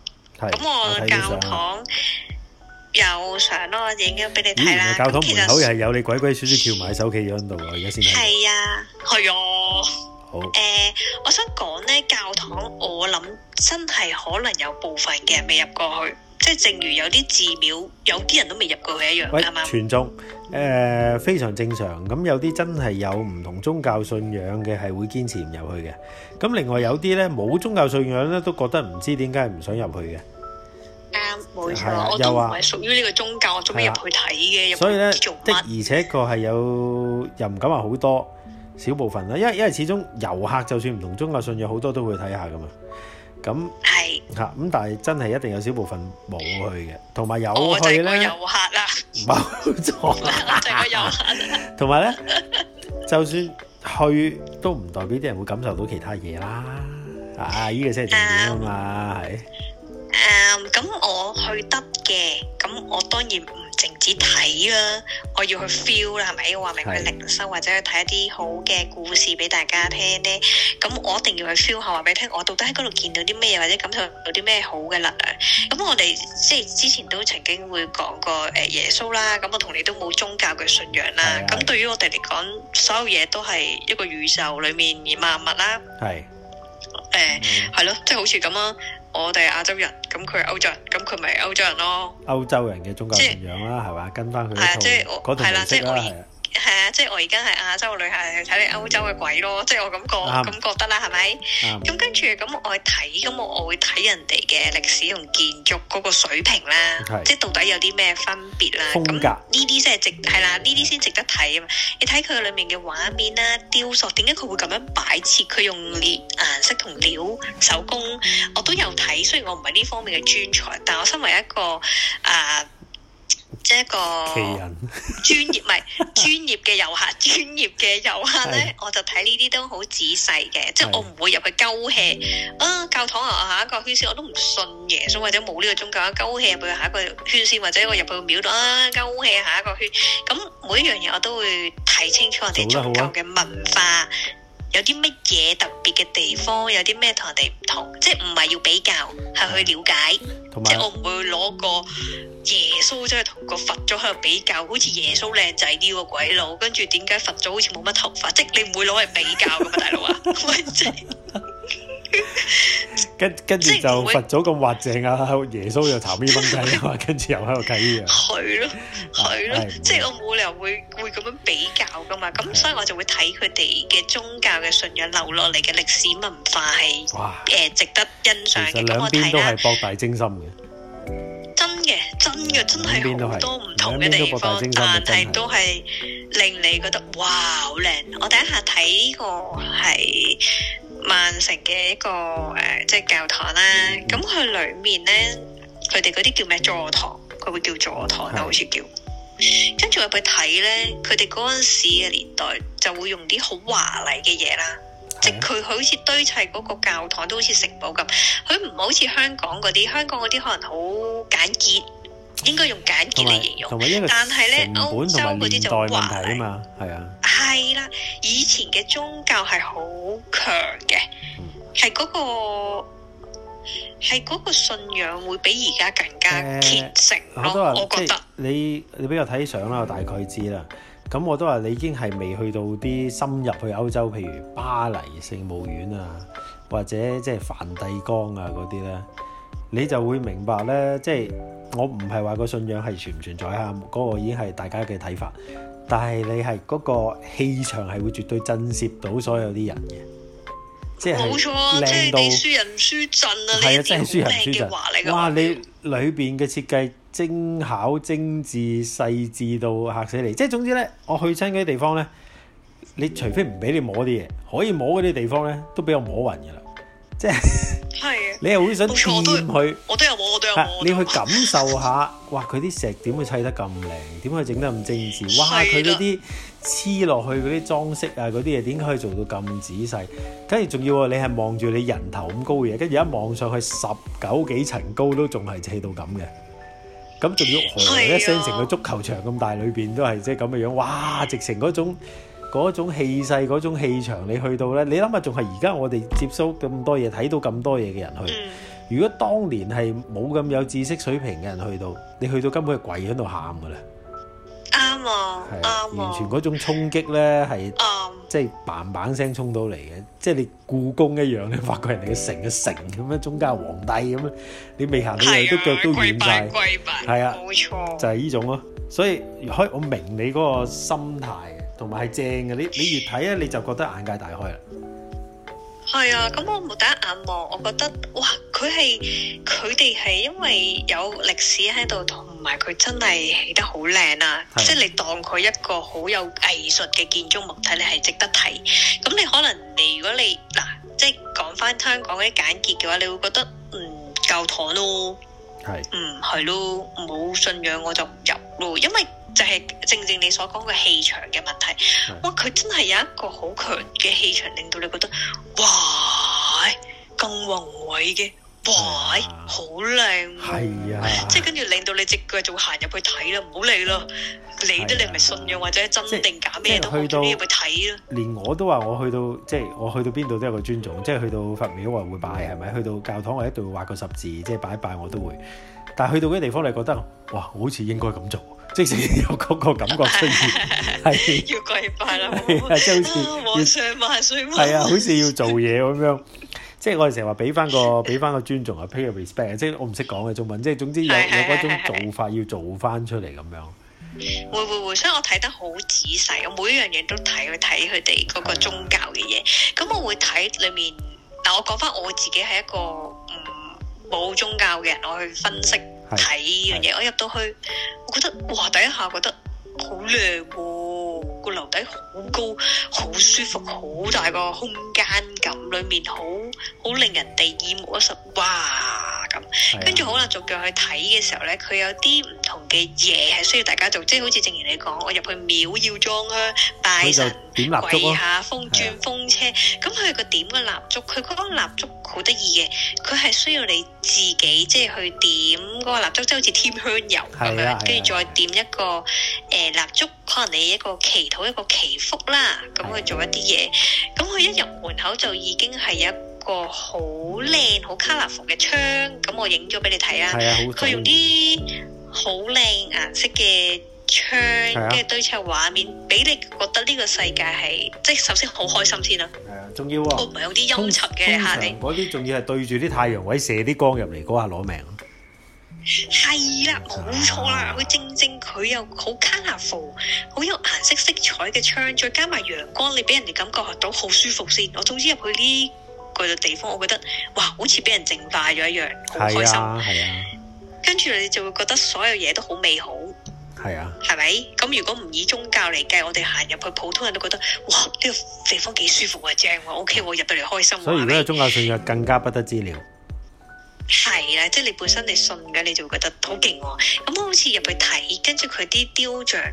係。咁我教堂有相咯，影咗俾你睇啦。咁其實門口又係有你鬼鬼祟祟撬埋手企喺度啊！而家先係啊，係啊。誒好、呃，我想講咧，教堂我諗真係可能有部分嘅人未入過去，即係正如有啲寺廟有啲人都未入過去一樣，係嘛喂？全中誒，非常正常。咁有啲真係有唔同宗教信仰嘅係會堅持唔入去嘅。咁另外有啲咧，冇宗教信仰咧，都覺得唔知點解唔想入去嘅。啱、啊，冇錯，啊、我都唔係屬於呢個宗教，我中意入去睇嘅。啊、所以咧，的而且確係有，又唔敢話好多。小部分啦，因為因為始終遊客就算唔同中國信仰，好多都會睇下噶嘛，咁嚇咁，但係真係一定有小部分冇去嘅，同埋有去咧遊客啦，冇錯啦，我哋個遊客啦，同埋咧， [laughs] 就算去都唔代表啲人會感受到其他嘢啦，啊呢、呢個先係重點啊嘛係，誒咁、um, 是 um, 我去得嘅，咁我當然。靜止睇啦、啊，我要去 feel 啦，係咪？話明去靈修，是或者去睇一啲好嘅故事俾大家聽咧。咁我一定要去 feel 下，話俾你聽，我到底喺嗰度見到啲咩，或者感受到啲咩好嘅啦。咁我哋即係之前都曾經會講過誒耶穌啦。咁我同你都冇宗教嘅信仰啦。咁是對於我哋嚟講，所有嘢都係一個宇宙裏面而萬物啦。係。誒，係咯，即係好似咁啊～我哋亞洲人，咁佢係歐洲人，咁佢咪歐洲人咯？歐洲人嘅宗教信仰啦，係嘛即？跟翻佢嗰套，嗰套顏色啦，係啊。係啊，即係我而家係亞洲女，係睇你歐洲嘅鬼咯，即係我感覺咁覺得啦，係咪？咁、嗯、跟住咁我去睇，咁我我會睇人哋嘅歷史同建築嗰個水平啦，嗯、即係到底有啲咩分別啦？風格呢啲先係值，係啦，呢啲先值得睇啊！你睇佢裏面嘅畫面啦、雕塑，點解佢會咁樣擺設？佢用料、顏色同料手工，我都有睇。雖然我唔係呢方面嘅專才，但我身為一個啊。即係一個專業，唔係專業嘅遊客，專 [laughs] 業嘅遊客咧，是我就睇呢啲都好仔細嘅。是即係我唔會入去勾氣的啊，教堂啊，下一個圈先，我都唔信耶穌。所以或者冇呢個宗教啊，勾氣入去下一個圈先，或者我入去廟度啊，勾氣下一個圈。咁每一樣嘢我都會睇清楚我哋宗教嘅文化。有啲乜嘢特別嘅地方？有啲咩同人哋唔同？即係唔係要比較，係去了解。啊、即係我唔會攞個耶穌即係同個佛祖喺度比較，好似耶穌靚仔啲個鬼佬。跟住點解佛祖好似冇乜頭髮？即係你唔會攞嚟比較咁嘛，大佬啊？ [laughs] [laughs] 跟跟住就佛祖咁滑淨啊，耶穌又查咩問題啊嘛，跟住又喺度計嘢。係咯，係咯，即係我冇理由會會咁樣比較噶嘛。咁所以我就會睇佢哋嘅宗教嘅信仰流落嚟嘅歷史文化係誒值得欣賞嘅。兩邊都係博大精深嘅。真嘅，真嘅，真係好多唔同嘅地方，但係都係令你覺得哇好靚。我第一下睇個係。曼城嘅一個誒、呃，即係教堂啦。咁佢裏面咧，佢哋嗰啲叫咩座堂？佢會叫座堂啦，嗯、好似叫。跟住入去睇咧，佢哋嗰陣時嘅年代就會用啲好華麗嘅嘢啦。嗯、即係佢好似堆砌嗰個教堂都好似城堡咁，佢唔好似香港嗰啲，香港嗰啲可能好簡潔，應該用簡潔嚟形容，但係咧歐洲嗰啲就問題啊嘛，係啊，係啦。以前嘅宗教係好強嘅，係嗰個係嗰個信仰會比而家更加虔誠咯。我都話我覺得你你俾我睇啲相啦，我大概知啦。咁我都話你已經係未去到啲深入去歐洲，譬如巴黎聖母院啊，或者即係梵蒂岡啊嗰啲咧，你就會明白咧，即係。我唔係話個信仰係存唔存在啊，嗰、那個已經係大家嘅睇法。但係你係嗰、那個氣場係會絕對震懾到所有啲人嘅，即係冇錯，到即係你輸人輸陣啊！係啊，真係輸人輸陣。哇！你裏邊嘅設計精巧、精緻、細緻到嚇死你。即係哇總之咧，我去親嗰啲地方咧，你除非唔俾你摸啲嘢，可以摸嗰啲地方咧，都俾我摸暈㗎啦。即係。 [laughs] 係你係好想掂佢，我都有我，我都有，我我有我，啊，你去感受下， [laughs] 哇！佢啲石點會砌得咁靚，點可以整得咁精緻？哇！佢嗰啲黐落去嗰啲裝飾啊，嗰啲嘢點解可以做到咁仔細？跟住仲要你係望住你人頭咁高嘅嘢，跟住一望上去十九幾層高都仲係砌到咁嘅，咁仲要何的一聲成個足球場咁大裏邊都係即係咁嘅樣，哇！直成嗰種。嗰種氣勢，嗰種氣場，你去到呢，你諗下仲係而家我哋接收咁多嘢，睇到咁多嘢嘅人去。如果當年係冇咁有知識水平嘅人去到，你去到根本係跪喺度喊噶啦。啱啊，完全嗰種衝擊呢係，即係 bang bang 聲衝到嚟嘅，即係你故宮一樣咧，你發掘人哋嘅城嘅城咁樣，中間皇帝咁樣，你未行到你，都腳都軟晒，係啊，冇錯，就係呢種咯。所以，我明你嗰個心態。同埋係正嘅，你你越睇咧，你就覺得眼界大開啦。係啊，咁我冇第一眼望，我覺得哇，佢係佢哋係因為有歷史喺度，同埋佢真係起得好靚啊！是即係你當佢一個好有藝術嘅建築物體，你係值得睇。咁你可能你如果你嗱，即係講返香港嗰啲簡潔嘅話，你會覺得，嗯，教堂咯，是嗯係咯，冇信仰我就入咯，因為。就係正正你所講嘅氣場嘅問題。哇的！佢真係有一個好強嘅氣場，令到你覺得哇咁宏偉嘅哇，好靚的，係啊，的即係跟住令到你隻腳就會行入去睇啦。唔好理咯，理得你係咪信仰或者真定的假咩都好，你去睇咯。連我都話，我去到即係、就是、我去到邊度都有個尊重，即係去到佛廟我會拜，係咪去到教堂我一定會畫個十字，即係拜一拜我都會。但係去到嗰啲地方，你覺得哇，我好似應該咁做。 [laughs] 即使有嗰個感覺出現，係 [laughs] 要跪拜啦，係 [laughs] [laughs] 即係好似皇上萬歲，啊，好似要做嘢咁樣， [laughs] [laughs] [laughs] 即係我哋成日話俾翻個俾翻個尊重啊，Pay your respect 即係我唔識講嘅中文，即係總之有有嗰種做法要做翻出嚟咁樣。 [laughs] 會會會，所以我睇得好仔細，我每一樣嘢都睇，去睇佢哋嗰個宗教嘅嘢。咁、 [laughs] 嗯、我會睇裏面，嗱我講翻，我自己係一個唔冇、嗯、宗教嘅人，我去分析。 [laughs] [laughs] 睇是樣嘢，是的 我入到去，我覺得哇！第一下覺得好靚喎，個樓底好高，好舒服，好大個空間感，裡面好好令人哋耳目一新，哇！咁，跟住好啦，逐樣去睇嘅時候呢，佢有啲唔同嘅嘢係需要大家做，即係好似正如你講，我入去廟要裝香拜神。啊、跪下，燭哦，風轉風車，咁佢、啊、個點個蠟燭，佢嗰個蠟燭好得意嘅，佢係需要你自己即係、就是、去點嗰個蠟燭，即、就、係、是、好似添香油咁樣，跟住、啊、再點一個誒蠟燭，可能你一個祈禱一個祈福啦，咁去做一啲嘢。咁佢、啊、一入門口就已經係一個好靚好卡 o l 嘅窗，咁我影咗俾你睇啊。啊，佢用啲好靚顏色嘅。窗，對策畫面，俾你覺得呢個世界係，即係首先好開心先啦。係啊，仲要啊，都唔係有啲陰沉嘅嚇你。嗰啲仲要係對住啲太陽位射啲光入嚟嗰下攞命。係啦、啊，冇錯啦，啊、佢正正佢又好 colourful，好有顏色色彩嘅窗，再加埋陽光，你俾人哋感覺到好舒服先。我總之入去呢個地方，我覺得哇，好似俾人淨化咗一樣，好開心。係啊，啊跟住你就會覺得所有嘢都好美好。係是啊，係咪？咁如果唔以宗教嚟計，我哋行入去，普通人都覺得哇，呢、這個地方幾舒服啊！正喎，O K，我入到嚟開心。所以而家宗教信仰更加不得之了。係啊，即係你本身你信嘅，你就會覺得、啊、我好勁。咁我好似入去睇，跟住佢啲雕像，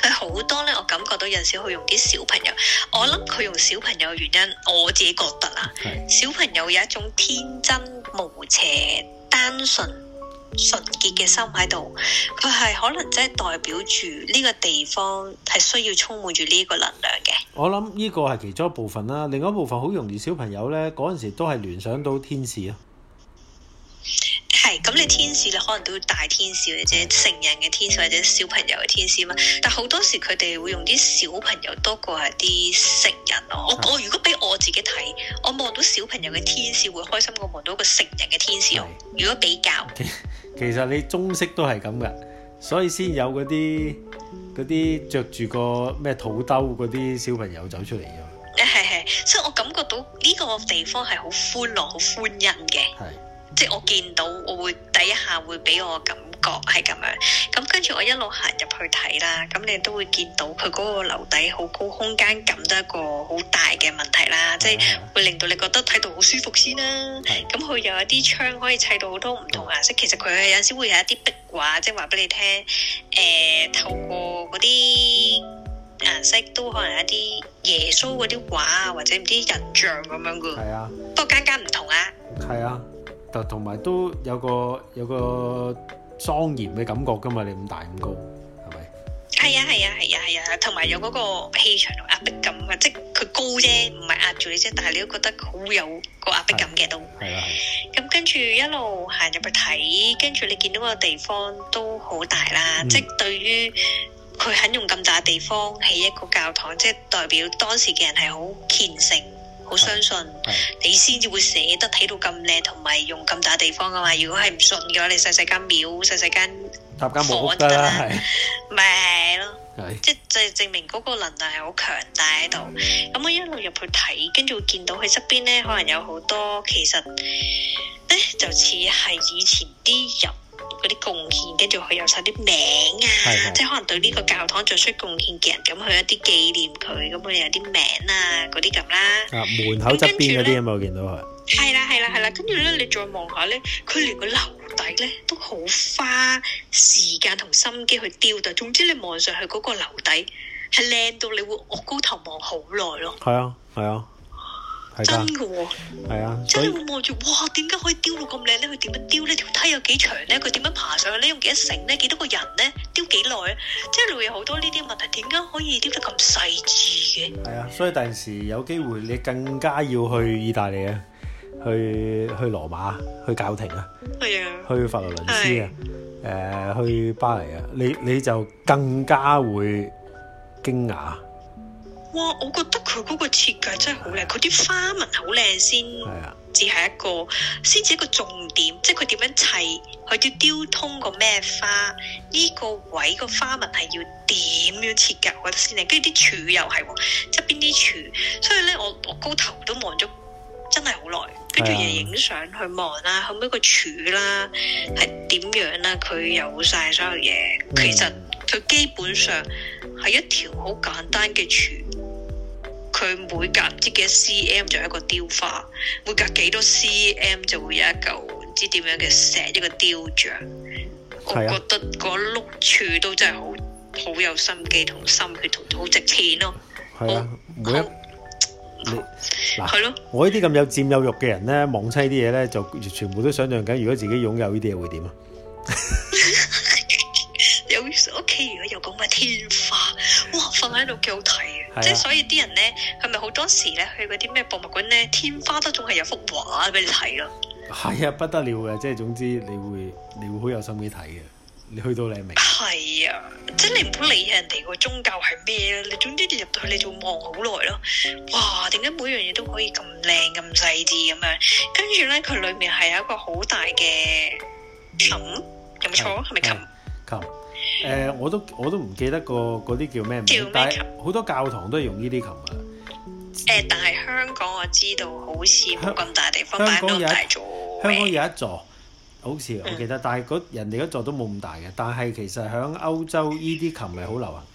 佢好多咧。我感覺到有陣時佢用啲小朋友。我諗佢用小朋友嘅原因，我自己覺得啦，Okay. 小朋友有一種天真無邪、單純。純潔嘅心喺度，佢係可能即係代表住呢個地方係需要充滿住呢個能量嘅。我諗呢個係其中一部分啦，啊，另外一部分好容易小朋友呢嗰陣時都係聯想到天使啊。係，咁你天使你可能都大天使或者成人嘅天使或者小朋友嘅天使嘛？但好多時佢哋會用啲小朋友多過係啲成人咯。我我如果俾我自己睇，我望到小朋友嘅天使會開心，我望到個成人嘅天使，是如果比較。 [laughs] 其實你中式都係咁噶，所以先有嗰啲嗰啲著住個咩肚兜嗰啲小朋友走出嚟㗎。誒係，係，所以我感覺到呢個地方係好歡樂、好歡欣嘅。係。即係我見到，我會第一下會俾我感覺係咁樣。咁跟住我一路行入去睇啦，咁你都會見到佢嗰個樓底好高，空間感得一個好大嘅問題啦。即係會令到你覺得睇到好舒服先啦。咁佢的又有啲窗可以砌到好多唔同顏色。其實佢有時會有一啲壁畫，即係話俾你聽。誒、呃，透過嗰啲顏色都可能有一啲耶穌嗰啲畫啊，或者唔知人像咁樣噶。係啊的，不過間間唔同啊。係啊。同埋都有，有個有個莊嚴嘅感覺噶嘛，你咁大咁高，係咪？係啊係啊係啊係啊，同埋有嗰個氣場嘅壓迫感啊！即係佢高啫，唔係壓住你啫，但係你都覺得好有個壓迫感嘅都。係啊。咁跟住一路行入去睇，跟住你見到個地方都好大啦。嗯、即係對於佢肯用咁大地方起一個教堂，即係代表當時嘅人係好虔誠。好相信是的 你先至會捨得睇到咁靚，同埋用咁大地方噶嘛。如果係唔信嘅話，你細細間廟，細細間房得啦，咪係咯。即係證明嗰個能量係好強大喺度。咁是的 我一路入去睇，跟住會見到佢側邊咧，可能有好多其實咧，就似係以前啲人，嗰啲貢獻，跟住佢有晒啲名啊，的即係可能對呢個教堂作出貢獻嘅人，咁去一啲紀念佢，咁佢有啲名啊，嗰啲咁啦。啊，門口側邊嗰啲啊，我見到佢。係啦係啦係啦，跟住咧，你再望下咧，佢連個樓底咧都好花時間同心機去雕琢。總之你望上去嗰個樓底係靚到你會我高頭望好耐咯。係啊，係啊。真嘅喎，係啊，即係你會望住，哇！點解可以雕到咁靚咧？佢點樣雕咧？條梯有幾長咧？佢點樣爬上去咧？用幾多繩咧？幾多個人咧？雕幾耐啊？即係你會有好多呢啲問題，點解可以雕得咁細緻嘅？係啊，所以第時有機會，你更加要去意大利啊，去去羅馬，去教廷啊，係啊，去佛羅倫斯啊，誒，去巴黎啊，你你就更加會驚訝。哇！我覺得佢嗰個設計真係好靚，佢啲的花紋好靚先至係一個先至的一個重點，即係佢點樣砌，佢要雕通個咩花呢個位個花紋係要點樣設計，我覺得先靚。跟住啲柱又係側邊啲柱，所以咧我我高頭都望咗，真係好耐。跟住又影相去望啦，後尾個柱啦係點樣啦？佢有晒所有嘢，嗯、其實佢基本上係一條好簡單嘅柱。佢每隔唔知幾多 cm 就一個雕花，每隔幾多 cm 就會有一嚿唔知點樣嘅石一個雕像。啊、我覺得嗰碌處都真係好好有心機同心血，同好值錢咯、啊。係啊，每一係咯。我呢啲咁有占有欲嘅人咧，望親啲嘢咧，就全部都想象緊，如果自己擁有呢啲嘢會點啊？ [laughs] 屋企如果有咁嘅天花，哇，瞓喺度幾好睇嘅，啊、即係所以啲人咧，係咪好多時咧去嗰啲咩博物館咧，天花都仲係有幅畫俾你睇咯。係啊，不得了嘅，即係總之你會，你會好有心機睇嘅。你去到你明。係啊，即係你唔好理人哋個宗教係咩啦，你總之你入到去你就望好耐咯。哇，點解每樣嘢都可以咁靚咁細緻咁樣？跟住咧，佢裏面係有一個好大嘅、嗯、對琴，有冇錯？係咪琴？琴誒、呃，我都我都唔記得個嗰啲叫咩名，但係好多教堂都係用呢啲琴噶。誒、呃，但係香港我知道好似冇咁大地方擺到大座。香港有一座，好似，我記得，嗯、但係人哋嗰座都冇咁大嘅。但係其實響歐洲呢啲琴係好流行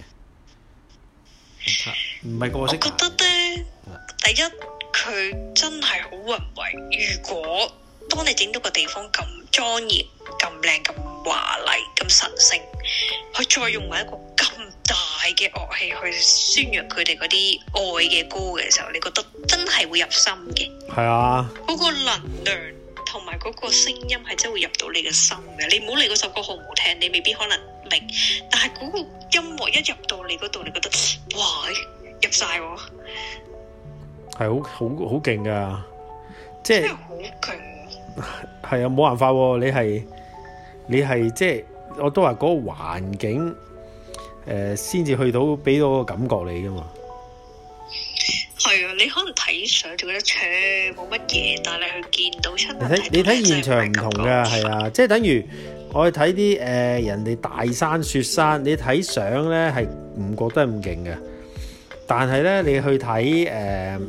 嘅。唔係個色。我覺得咧，嗯、第一佢真係好宏偉。如果當你整到個地方咁。莊嚴咁靚咁華麗咁神聖，佢再用埋一個咁大嘅樂器去宣揚佢哋嗰啲愛嘅歌嘅時候，你覺得真係會入心嘅。係啊，嗰個能量同埋嗰個聲音係真係會入到你嘅心嘅。你唔好理嗰首歌好唔好聽，你未必可能明，但係嗰個音樂一入到你嗰度，你覺得哇，入晒喎，係好好好勁噶，即係好強。係啊，冇辦法、啊，你係你係即係，我都話嗰個環境誒，先、呃、至去到俾到個感覺你噶嘛。係啊，你可能睇相就覺得車冇乜嘢，但係你去見到出嚟，你睇你睇現場唔同噶，係、嗯、啊，即係等於我去睇啲誒人哋大山雪山，你睇相咧係唔覺得咁勁嘅，但係咧你去睇誒、呃，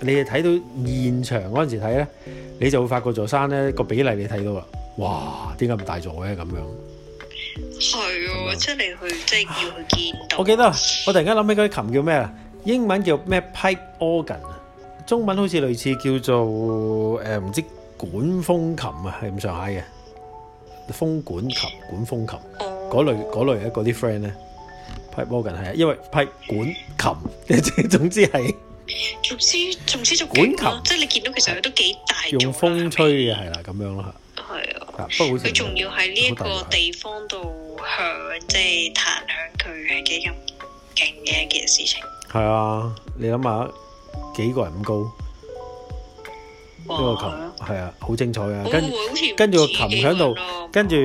你啊睇到現場嗰陣時睇咧。嗯你就會發覺座山咧個比例你睇到啊，哇點解咁大座嘅咁樣？係啊、哦，樣出嚟去即係要去見。我記得我突然間諗起嗰啲琴叫咩啊？英文叫咩 pipe organ 啊？中文好似類似叫做誒唔、呃、知管風琴啊，係咁上下嘅風管琴、管風琴嗰、oh. 類嗰類嘅嗰啲 friend 咧，pipe organ 係因為 pipe 管琴，總之係。 [laughs] 總之，總之就管琴，即係你見到，其實佢都幾大。用風吹嘅係啦，咁樣咯，係啊。不過佢仲要喺呢一個地方度響，即係彈響，佢係幾咁勁嘅一件事情。係啊，你諗下，幾個人咁高，呢個琴係啊，好精彩啊。跟住，跟住個琴響度，跟住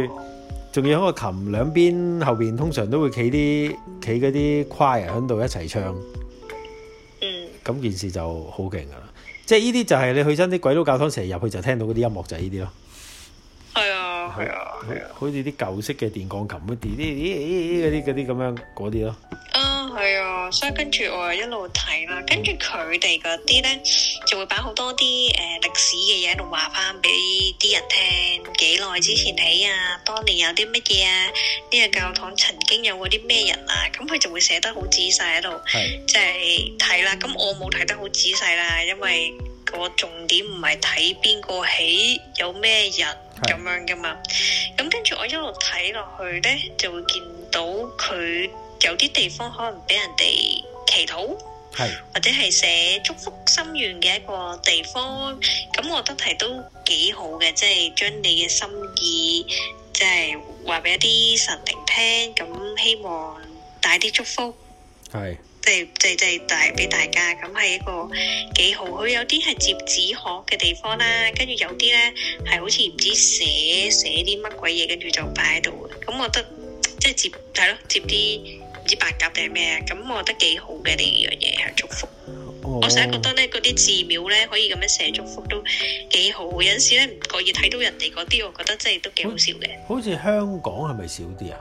仲要喺個琴兩邊後邊，通常都會企啲企嗰啲 choir 響度一齊唱。咁件事就好勁㗎喇，即係呢啲就係你去親啲鬼佬教堂，成日入去就聽到嗰啲音樂就係呢啲咯，係啊係啊係啊，好似啲舊式嘅電鋼琴啲啲啲嗰啲咁樣嗰啲咯。係啊，所以跟住我又一路睇啦，跟住佢哋嗰啲咧，就會把好多啲誒歷史嘅嘢喺度話翻俾啲人聽，幾耐之前起啊，當年有啲乜嘢啊，呢個教堂曾經有過啲咩人啊，咁佢就會寫得好仔細喺度，即係睇啦。咁我冇睇得好仔細啦，因為個重點唔係睇邊個起，有咩人咁樣噶嘛。咁是跟住我一路睇落去咧，就會見到佢。有啲地方可能俾人哋祈禱，是或者係寫祝福心願嘅一個地方，咁我覺得係都幾好嘅，即係將你嘅心意即係話俾一啲神靈聽，咁希望帶啲祝福，即係即係即係帶俾大家，咁係一個幾好。佢有啲係摺紙鶴嘅地方啦，跟住有啲咧係好似唔知寫寫啲乜鬼嘢，跟住就擺喺度嘅，咁我覺得即係摺，係咯，摺啲。唔知白鴿定係咩啊？咁我覺得幾好嘅，呢樣嘢係祝福。哦、我成日覺得咧，嗰啲寺廟咧可以咁樣寫祝福都幾好。有陣時咧，唔覺意睇到人哋嗰啲，我覺得真係都幾好笑嘅。好似香港係咪少啲啊？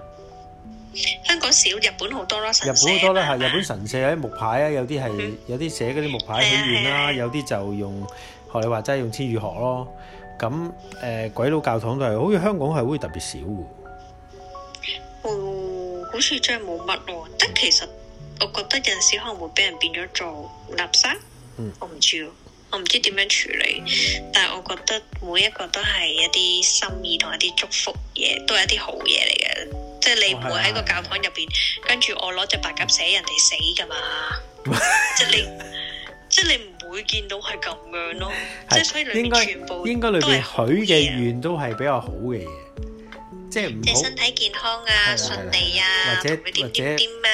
香港少，日本好多啦，神社啦，日本好多啦，吧日本神社有啲木牌啊，有啲係、嗯、有啲寫嗰啲木牌祈願啦，對對對，有啲就用學你話齋用千語學咯。咁誒鬼佬教堂就係，好似香港係會特別少。好似真係冇乜咯，但其實我覺得有陣時可能會俾人變咗做垃圾，我唔知，我唔知點樣處理。但係我覺得每一個都係一啲心意同一啲祝福嘢，都係一啲好嘢嚟嘅。即係你唔會喺個教堂入邊，哦啊啊啊啊、跟住我攞隻白鴿寫人哋死噶嘛？ [laughs] 即係你，即係你唔會見到係咁樣咯。啊、即係所以裏邊全部都、啊、應該裏邊許嘅願都係比較好嘅嘢。即係唔好身體健康啊，是的 順利啊，或者點點點啊，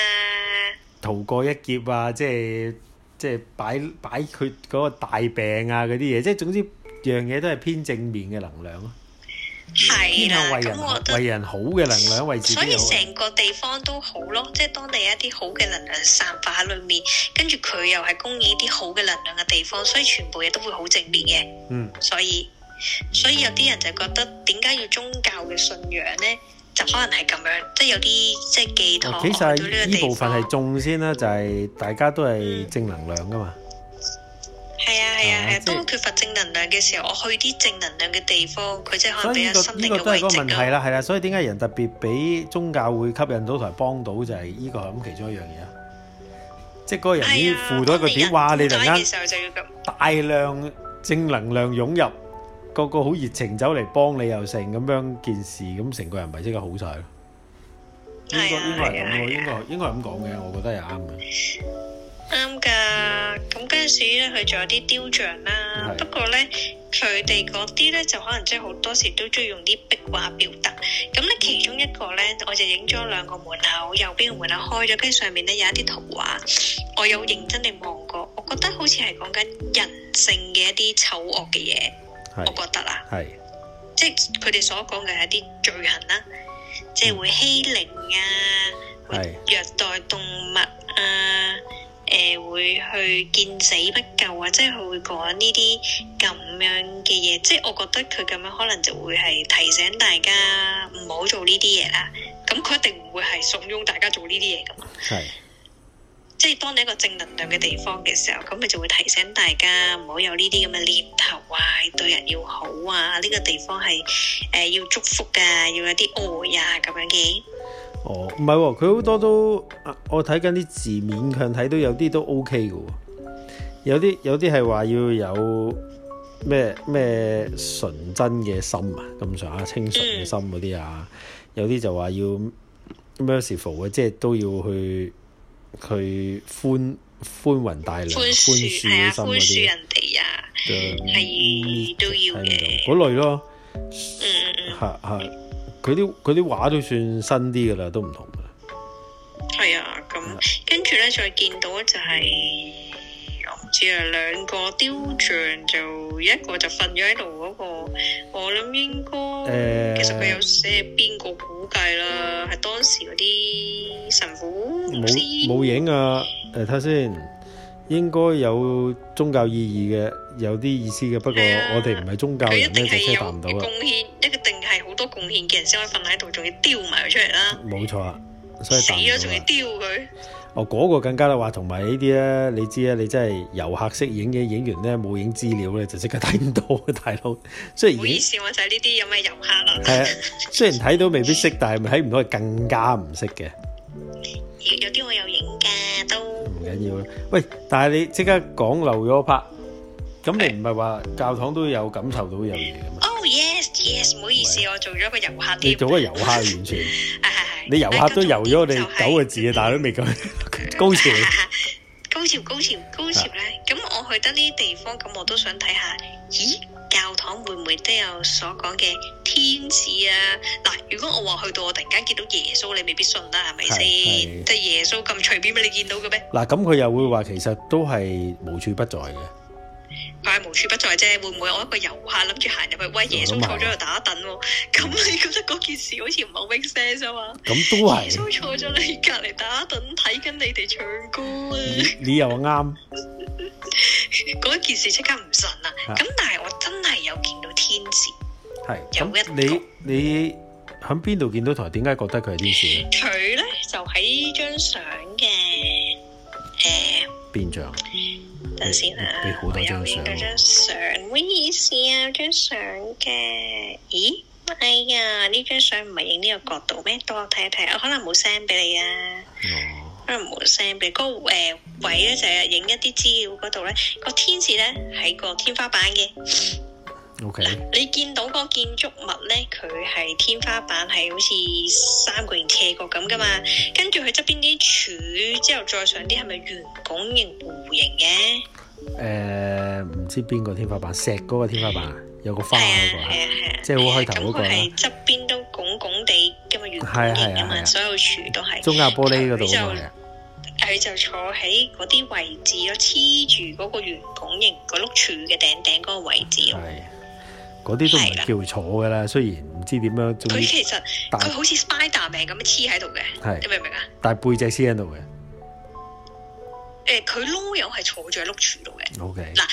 逃過一劫啊，即係即係擺擺決嗰個大病啊嗰啲嘢，即係總之樣嘢都係偏正面嘅能量咯，啊，偏向為人好嘅能量，為自己，所以成個地方都好咯，即係當地一啲好嘅能量散發喺裡面，跟住佢又係供應啲好嘅能量嘅地方，所以全部嘢都會好正面嘅，嗯，所以。所以有啲人就覺得點解要宗教嘅信仰咧？就可能係咁樣，即係有啲即係寄託去到呢個地方。呢部分係重先啦，就係大家都係正能量噶嘛。係啊係啊係，都缺乏正能量嘅時候，我去啲正能量嘅地方，佢即係可能俾一啲嘅正能量。呢個都係一個問題啦，係啦，所以點解人特別俾宗教會吸引到同埋幫到，就係呢個咁其中一樣嘢啊。即係個人已經附到一個點，話,你突然間大量正能量湧入。個個好熱情走嚟幫你，又成咁樣件事咁，成個人咪即刻好晒咯。啊、應該、啊啊、應該係咁應該應該係咁講嘅，我覺得係啱嘅。啱噶，咁嗰陣時咧，佢仲有啲雕像啦。的不過咧，佢哋嗰啲咧就可能即係好多時都中意用啲壁畫表達。咁咧其中一個咧，我就影咗兩個門口，右邊嘅門口開咗，跟住上面咧有一啲圖畫。我有認真地望過，我覺得好似係講緊人性嘅一啲醜惡嘅嘢。是我覺得啦，是即係佢哋所講嘅一啲罪行啦，即係、嗯、會欺凌啊，虐待動物啊，誒是、呃、會去見死不救啊，即係佢會講呢啲咁樣嘅嘢，即係我覺得佢咁樣可能就會係提醒大家唔好做呢啲嘢啦。咁佢一定唔會係慫恿大家做呢啲嘢噶嘛。即係當你一個正能量嘅地方嘅時候，咁佢就會提醒大家唔好有呢啲咁嘅念頭啊，對人要好啊，呢、呢個地方係誒、呃、要祝福噶，要有啲愛啊咁樣嘅。哦，唔係、哦，佢好多都，我睇緊啲字，勉強睇到有啲都 O K 噶，有啲有啲係話要有咩咩純真嘅心啊，咁上下清純嘅心嗰啲啊，嗯、有啲就話要 merciful 嘅，即係都要去。佢寬寬宏大量，寬恕係啊，寬恕人哋啊，係都樣要嘅嗰類咯。嗯係係，佢啲佢啲畫都算新啲噶啦，都唔同嘅。係啊，咁、嗯、跟住咧，再見到就係、是。只係兩個雕像，就一個就瞓咗喺度嗰個，我諗應該，其實佢有寫邊個估計啦，係當時嗰啲神父唔知。冇冇影啊！誒，睇下先，應該有宗教意義嘅，有啲意思嘅。不過我哋唔係宗教人，一定係有貢獻，一定係好多貢獻嘅人先可以瞓喺度，仲要雕埋佢出嚟啦。冇錯啊，所以等唔到啦。死啊！仲要雕佢。哦，嗰、那個更加的話，同埋呢啲咧，你知咧，你真係遊客式影嘅，影完咧冇影資料咧，就即刻睇唔到，大佬！即係以，冇意思啊！就係呢啲有咪遊客咯？係啊對，雖然睇到 [laughs] 未必識，但係睇唔到係更加唔識嘅。有啲我有影噶都。唔緊要啦，喂！但係你即刻講漏咗一 part 咁你唔係話教堂都有感受到有嘢嘅嘛？哦 yes yes，唔好意思，喂我做咗個遊客添。做個遊客完全。 [laughs] [laughs] [music] 你遊客都遊咗我哋九個字啊，嗯、但係都未夠高潮。高潮高潮高潮咧，咁我去得呢啲地方，咁我都想睇下，咦？教堂會唔會都有所講嘅天使啊？嗱，如果我話去到我突然間見到耶穌，你未必信啦，係咪先？即係耶穌咁隨便俾你見到嘅咩？嗱，咁佢又會話，其實都係無處不在嘅。佢係無處不在啫，會唔會我一個遊客諗住行入去，喂耶穌坐咗度打盹，咁你覺得嗰件事好似唔係好 make sense 啊嘛？咁都係耶穌坐咗你隔籬打盹，睇緊你哋唱歌啊！你又啱，嗰件事即刻唔順啊！咁但係我真係有見到天使，係有一你你喺邊度見到台？點解覺得佢係天使？佢咧就喺張相嘅，誒，邊張？睇下先啊！我入面嗰張相，冇意思啊！張相嘅，咦？哎呀，呢張相唔係影呢個角度咩？幫我睇一睇。我可能冇 send 俾你啊。嗯、可能冇 send 俾。嗰、那個誒位咧就係影一啲資料嗰度咧。那個天使咧喺個天花板嘅。O K、嗯。嗱，你見到嗰個建築物咧，佢係天花板係好似三角形、斜角咁噶嘛？嗯、跟住佢側邊啲柱，之後再上啲係咪圓拱形、弧形嘅？誒，唔知邊個天花板，石嗰個天花板，有個花嗰個，即係好開頭嗰個啦。咁係側邊都拱拱地噶嘛，圓形噶嘛，所有柱都係。中間玻璃嗰度係啊，佢就坐喺嗰啲位置咯，黐住嗰個圓拱形嗰碌柱嘅頂頂嗰個位置。係，嗰啲都唔叫坐噶啦，雖然唔知點樣。佢其實佢好似 spider 命咁黐喺度嘅，你明唔明啊？但係背脊黐喺度嘅。誒，佢囉柚係坐住喺碌柱度嘅。O K。嗱，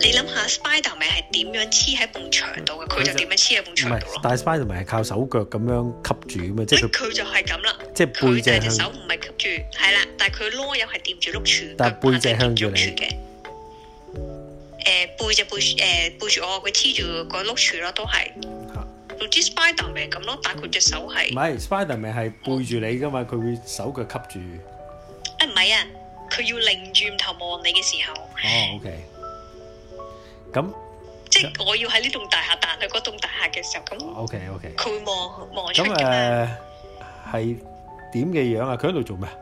你諗下 Spiderman 係點樣黐喺埲牆度嘅？佢就點樣黐喺埲牆度咯。但 Spiderman 係靠手腳咁樣吸住啊嘛，即係佢、欸、就係咁啦。即係背脊隻手唔係吸住，係啦。但係佢囉柚係掂住碌柱、嗯。但係背脊向住你嘅。誒、欸，背脊背誒、呃、背住我，佢黐住個碌柱咯，都係、啊。吓。做啲 Spiderman 咁咯，但係佢隻手係。唔係、嗯嗯、Spiderman 係背住你噶嘛？佢會手腳吸住。誒、欸，唔係啊。佢要擰轉頭望你嘅時候，哦，OK，咁即係我要喺呢棟大廈彈去嗰棟大廈嘅時候，咁 OK，OK，佢望望出噶嘛？係點嘅樣啊？佢喺度做咩啊？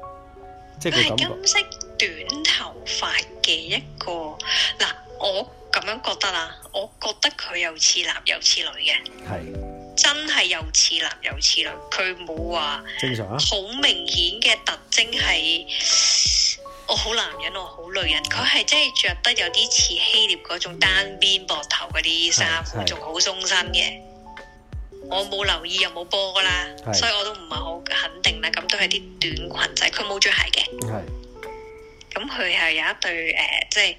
即係金色短頭髮嘅一個嗱，我咁樣覺得啦，我覺得佢又似男又似女嘅，係真係又似男又似女，佢冇話正常啊，好明顯嘅特徵係。我好男人，我好女人，佢係真係着得有啲似希臘嗰種單邊膊頭嗰啲衫褲，仲好鬆身嘅。我冇留意又冇播㗎啦，是所以我都唔係好肯定啦。咁都係啲短裙仔，佢冇着鞋嘅。係是，咁佢係有一對誒、呃，即係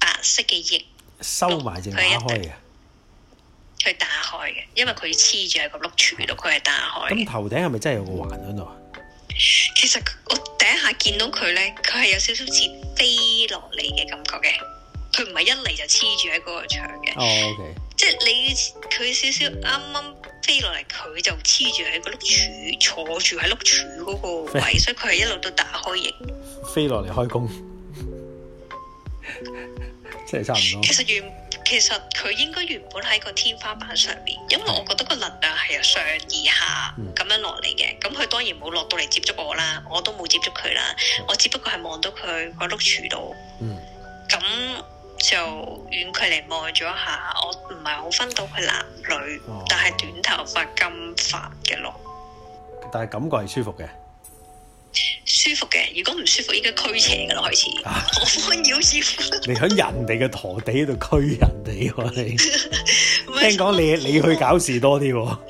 白色嘅翼，收埋定打開嘅？佢打開嘅，因為佢黐住喺個碌柱度。佢係是打開。咁、嗯、頭頂係咪真係有個環喺度啊？嗯其實我第一下見到佢咧，佢係有、oh, okay. 少少似飛落嚟嘅感覺嘅，佢唔係一嚟就黐住喺嗰個牆嘅，即係你佢少少啱啱飛落嚟，佢就黐住喺個碌柱，坐住喺碌柱嗰個位，飛所以佢係一路都打開翼，飛落嚟開工，即 [laughs] 係差唔多。其實其實佢應該原本喺個天花板上面，因為我覺得個能量係由上而下咁樣落嚟嘅，咁佢、嗯、當然冇落到嚟接觸我啦，我都冇接觸佢啦，我只不過係、嗯、望到佢個碌柱度，咁就遠距離望咗一下，我唔係好分到佢男女，哦、但係短頭髮金髮嘅咯，但係感覺係舒服嘅。舒服嘅，如果唔舒服，應該驅邪噶啦開始。 [laughs] 何方妖孽、 [laughs] 啊？你喺人哋嘅陀地喺度驅人哋，我哋 [laughs] 是。聽講你級你去搞事多啲喎、啊。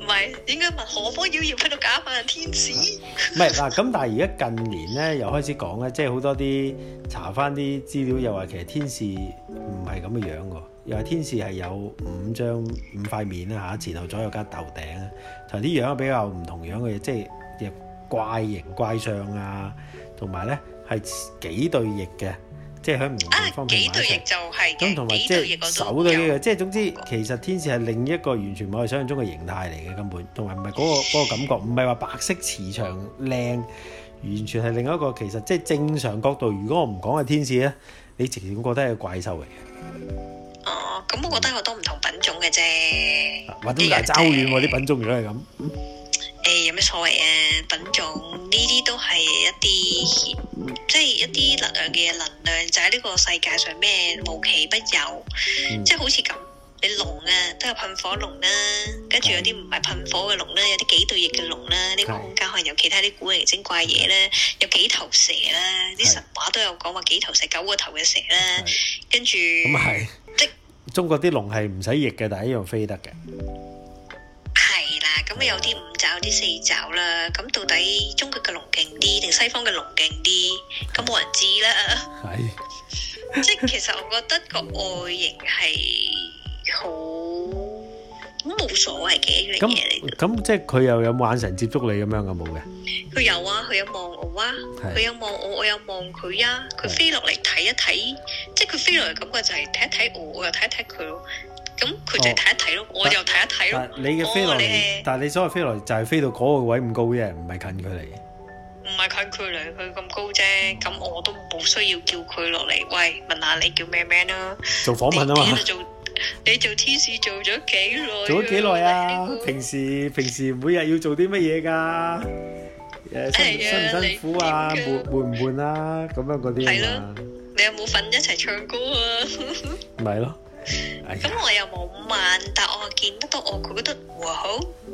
唔係，點解問何方妖孽喺度搞扮天使？唔係嗱，咁但係而家近年咧，又開始講咧，即係好多啲查翻啲資料，又話其實天使唔係咁嘅樣噶，又話天使係有五張五塊面啦吓，前頭左右加頭頂啊，頭就啲、是、樣比較唔同樣嘅嘢、就是，即係。即怪形怪相啊，同埋咧係幾對翼嘅，即係喺唔同方面。啊，就係咁，同埋即係手嘅，即係總之，其實天使係另一個完全冇我想象中嘅形態嚟嘅根本，同埋唔係嗰個、嗰個感覺，唔係話白色慈祥靚，完全係另一個。其實即係正常角度，如果我唔講係天使咧，你直情覺得係個怪獸嚟嘅。哦，咁我覺得我都唔同品種嘅啫。或者大，係周遠喎啲品種如果係咁。誒、欸，有咩所謂啊？品種呢啲都係一啲，即係一啲能量嘅能量，就喺呢個世界上咩無奇不有，嗯、即係好似咁，你龍啊，都有噴火龍啦，跟住有啲唔係噴火嘅龍啦，有啲幾對翼嘅龍啦，呢是個空間可能有其他啲古靈精怪嘢咧，是有幾頭蛇啦，啲是神話都有講話幾頭蛇九個頭嘅蛇啦，是跟住著，咁啊係，中國啲龍係唔使翼嘅，但係一樣飛得嘅。咁有啲五爪啲四爪啦，咁到底中國嘅龍勁啲定西方嘅龍勁啲？咁冇人知啦。係是， [laughs] 即係其實我覺得個外形係好冇所謂嘅一樣嘢嚟。咁咁即係佢又有眼神接觸你咁樣有冇嘅？佢，嗯嗯嗯嗯嗯，有啊，佢有望我啊，佢有望我，我有望佢啊，佢飛落嚟睇一睇，是即係佢飛落嚟感覺就係、是、睇一睇我，我又睇一睇佢咯。咁佢就睇一睇咯，我又睇一睇咯。但你嘅飛來，但你所謂飛來就係飛到嗰個位咁高啫，唔係近距離。唔係近距離，佢咁高啫。咁我都冇需要叫佢落嚟。喂，問下你叫咩名啦？做訪問啊嘛。你做，你做天使做咗幾耐？做咗幾耐啊？平時平時每日要做啲乜嘢㗎？誒，辛唔辛苦啊？悶唔悶啊？咁樣嗰啲啊嘛。係咯。你有冇份一齊唱歌啊？唔係咯。咁、哎嗯、我又冇問，但係我見得到我佢覺得哇好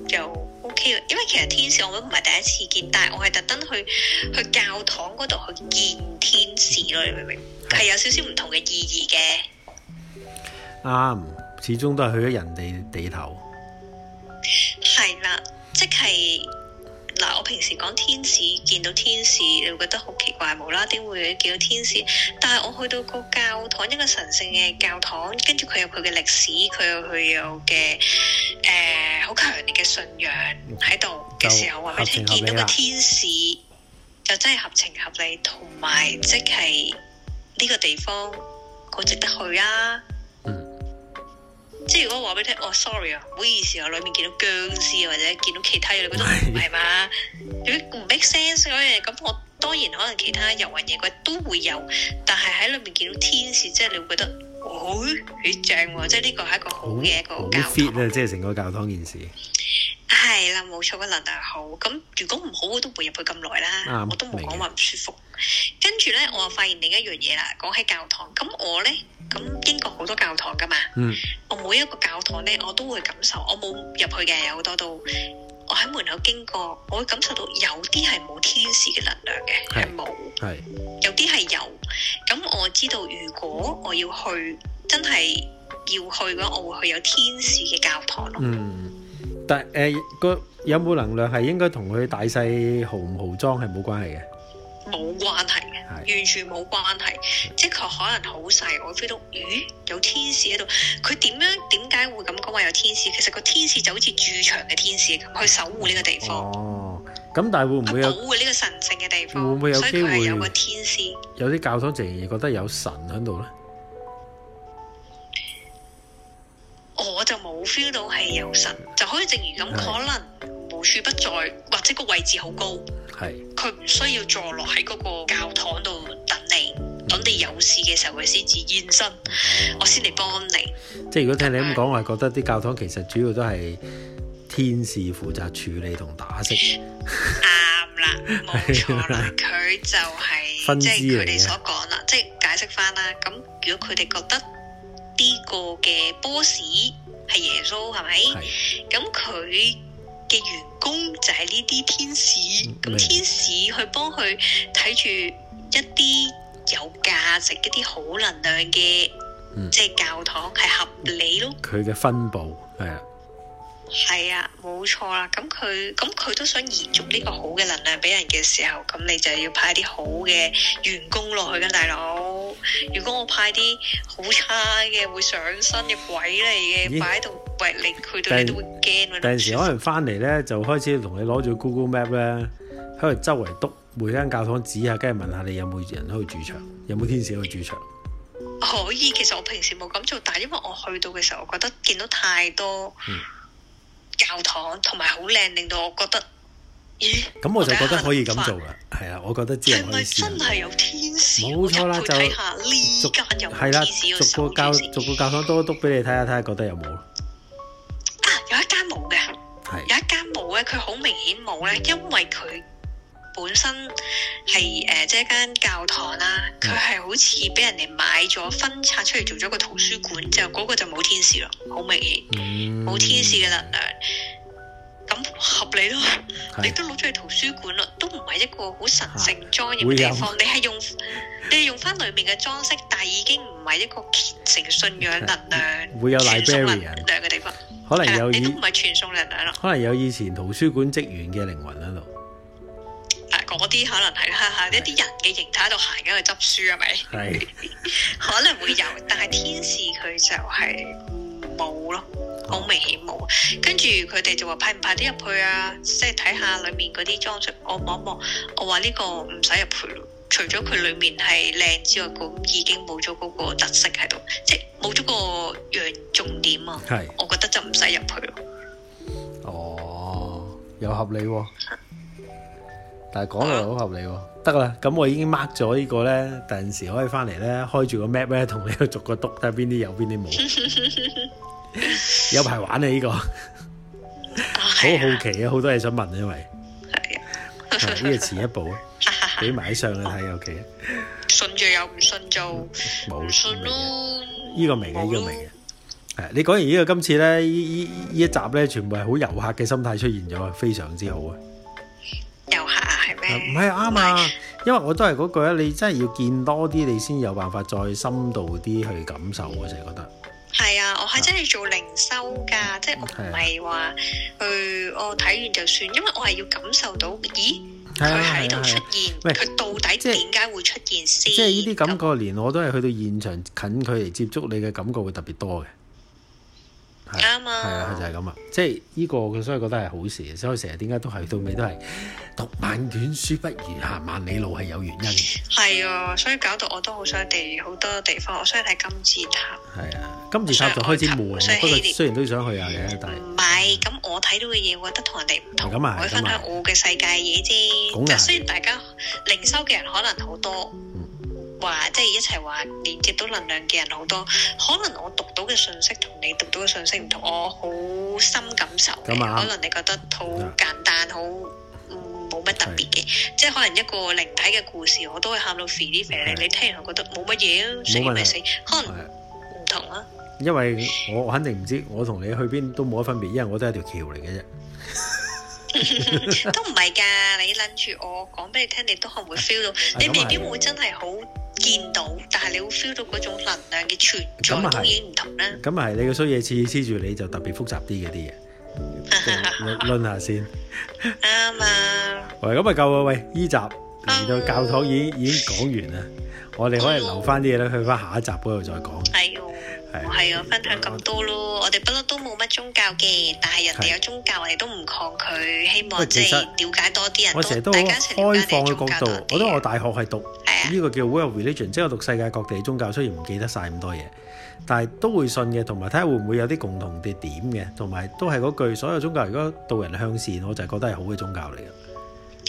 又 OK 啊，因為其實天使我都唔係第一次見，但係我係特登去去教堂嗰度去見天使咯，你明唔明？係有少少唔同嘅意義嘅，啱、啊，始終都係去咗人哋地,地頭，係啦，即係。嗱，我平時講天使，見到天使，你會覺得好奇怪，無啦啦點會見到天使。但係我去到個教堂，一個神聖嘅教堂，跟住佢有佢嘅歷史，佢有佢有嘅誒好強烈嘅信仰喺度嘅時候話，佢聽見到個天使，就真係合情合理，同埋即係呢個地方好值得去啊！即係如果話俾你聽，哦，sorry 啊，唔好意思啊，裏面見到僵屍啊，或者見到其他嘢，你覺得唔係嘛？如果唔 make sense 咁我當然可能其他遊魂野鬼都會有，但係喺裏面見到天使，即係你會覺得。好幾正喎，即係呢個係一個好嘅一個教好，好 fit、啊、即係成個教堂件事。係啦、哎，冇錯啦，個能量好。咁如果唔好我都唔會入去咁耐啦，我都冇講話唔舒服。跟住咧，我又發現另一樣嘢啦。講起教堂，咁我咧咁英國好多教堂噶嘛。嗯。我每一個教堂咧，我都會感受，我冇入去嘅，有好多都。我喺門口經過，我會感受到有啲係冇天使嘅能量嘅，係冇是；有啲係有。咁是我知道，如果我要去，真係要去嘅話，我會去有天使嘅教堂咯。嗯，但誒，個、呃、有冇能量係應該同佢大細豪唔豪裝係冇關係嘅。冇關係嘅，完全冇關係，的即係佢可能好細，我 feel 到咦有天使喺度，佢點樣點解會咁講話有天使？其實個天使就好似駐場嘅天使咁去守護呢個地方。哦，咁但係會唔會有守護呢個神聖嘅地方？會唔會有會？所以佢係有個天使。有啲教堂仍然覺得有神喺度呢，我就冇 feel 到係有神，哦、就可以正如咁可能。無處不在，或者個位置好高，係佢是唔需要坐落喺嗰個教堂度等你，嗯、等你有事嘅時候，佢先至現身，嗯、我先嚟幫你。即係如果聽你咁講，是我係覺得啲教堂其實主要都係天使負責處理同打識。啱、嗯、啦，冇錯啦，佢就係即係佢哋所講啦，即、就、係、是、解釋翻啦。咁如果佢哋覺得呢個嘅 boss 係耶穌，係咪？咁佢是。嘅員工就係呢啲天使，咁天使去幫佢睇住一啲有價值、一啲好能量嘅，嗯、即係教堂係合理咯。佢嘅分佈係啊，係啊，冇錯啦、啊。咁佢咁佢都想延續呢個好嘅能量俾人嘅時候，咁你就要派啲好嘅員工落去㗎、啊，大佬。如果我派啲好差嘅會上身嘅鬼嚟嘅，擺喺度掘你，佢對你都會驚。陣時可能翻嚟咧，就開始同你攞住 Google Map 咧，喺度周圍督每間教堂指下，跟住問下你有冇人喺度駐場，有冇天使去度駐場？可以，其實我平時冇咁做，但係因為我去到嘅時候，我覺得見到太多教堂，同埋好靚，令到我覺得。咁、嗯、我就覺得可以咁做啦，係啊、嗯，我覺得之後可以係咪真係有天使？冇錯啦，就係逐啦，逐個教逐個教堂多督俾你睇下，睇下覺得有冇啊，有一間冇嘅，是有一間冇咧，佢好明顯冇咧，因為佢本身係誒即係一間教堂啦，佢係好似俾人哋買咗分拆出嚟，做咗個圖書館，就嗰個就冇天使咯，好明顯冇天使嘅能量。咁合理咯，你都攞咗去圖書館啦，都唔係一個好神聖莊嚴嘅地方，這你係用你係用翻裏面嘅裝飾，但係已經唔係一個虔誠信仰能量會有禮能量嘅地方，可能有你都唔係傳送能量咯，可能有以前圖書館職員嘅靈魂喺度，嗱嗰啲可能係啦，一啲人嘅形態喺度行緊去執書係咪？係的可能會有，但係天使佢就係、是。冇咯，好明顯冇。跟住佢哋就話派唔派啲入去啊，即係睇下裏面嗰啲裝飾。我望一望，我話呢個唔使入去咯。除咗佢裏面係靚之外，咁已經冇咗嗰個特色喺度，即係冇咗個樣重點啊。係是，我覺得就唔使入去咯。哦，有合理喎。但係講又好合理喎，得啦、啊。咁我已經 mark 咗呢個咧，第時可以翻嚟咧，開住個 map 咧，同你逐個督睇邊啲有邊啲冇。 [laughs] 有排玩啊呢個，好 [laughs] 好奇啊，好多嘢想問啊，因為呢個遲一步，啊，俾埋喺上嘅睇，尤其信住又唔信就冇信咯。呢個明嘅，呢個明嘅。係啊，你講完呢個今次咧，呢依一集咧，全部係好遊客嘅心態出現咗，啊，非常之好啊。遊客啊，係咩？唔係啱啊，因為我都係嗰句啊，你真係要見多啲，你先有辦法再深度啲去感受啊，我成日覺得。係啊，我係真係做靈修噶，啊，即係我唔係話去我睇完就算，因為我係要感受到咦佢喺度出現，佢、啊啊啊，到底點解即會出現先？即係呢啲感覺，連我都係去到現場近距離接觸你嘅感覺會特別多嘅。啱是啊！係啊，就係咁啊，即係呢個，佢所以覺得係好事，所以成日點解都係到尾都係讀萬卷書不如行萬里路係有原因。嘅、嗯。係啊，所以搞到我都好想地好多地方，我想睇金字塔。係啊，金字塔就開始悶。不過雖然都想去下嘅，但係唔係咁我睇到嘅嘢，我覺得同人哋唔同，啊啊啊、分我分享我嘅世界嘢啫。咁啊，雖然大家靈修嘅人可能好多。嗯話即係一齊話連接到能量嘅人好多。可能我讀到嘅信息同你讀到嘅信息唔同，我好深感受。咁可能你覺得好簡單，的好冇乜特別嘅，的即係可能一個靈體嘅故事，我都會喊到肥啲肥。e 的你聽完覺得冇乜嘢，死咪死，可能唔的同啊。因為我肯定唔知，我同你去邊都冇乜分別，因為我都係條橋嚟嘅啫。 [laughs] [laughs] 都唔係噶，你諗住我講俾你聽，你聽你，你都可能 [laughs] [laughs] 會 feel 到，你未必會真係好。見到，但係你會 feel 到嗰種能量嘅存在，當然唔同啦。咁啊係，你個衰嘢黐黐住你就特別複雜啲嘅啲嘢。論下先。啱啊。喂，咁啊夠啊！喂，依集嚟到教堂已經已經講完啦，我哋可以留翻啲嘢咧，去翻下一集嗰度再講。係、嗯。嗯嗯嗯嗯嗯嗯嗯係，啊！的分享咁多咯，我哋不嬲都冇乜宗教嘅，但係人哋有宗教，的我哋都唔抗拒，希望即係了解多啲人，實都我成日都好開放嘅角度，角度我覺得我大學係讀呢的個叫做 World Religion，即係我讀世界各地宗教，雖然唔記得晒咁多嘢，但係都會信嘅，同埋睇下會唔會有啲共同嘅點嘅，同埋都係嗰句，所有宗教如果導人向善，我就係覺得係好嘅宗教嚟嘅。就咁簡單，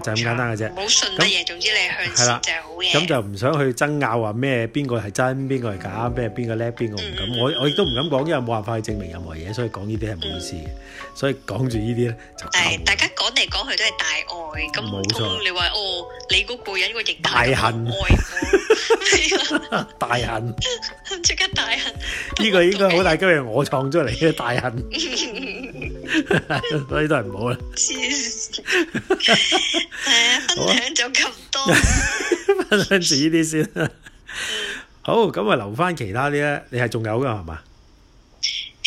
就咁簡單嘅啫。唔好信乜嘢，總之你係向係啦，就係好嘢。咁就唔想去爭拗話咩，邊個係真，邊個係假，咩邊個叻，邊個唔敢。我我亦都唔敢講，因為冇辦法去證明任何嘢，所以講呢啲係冇意思嘅。所以講住呢啲咧就係大家講嚟講去都係大愛。咁冇錯，你話哦，你嗰個人個形象大恨，大恨，即刻大恨。呢個應該好大今日，我創出嚟嘅大恨。所以都係唔好啦。係啊，分享咗咁多。分享少啲先。好，咁啊留翻其他啲咧，你係仲有噶係嘛？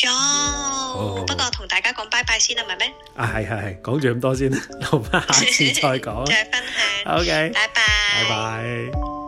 有，不過同大家講拜拜先啦，係咪咩？啊係係，講住咁多先，留翻下次再講。再分享。OK，拜拜。拜拜。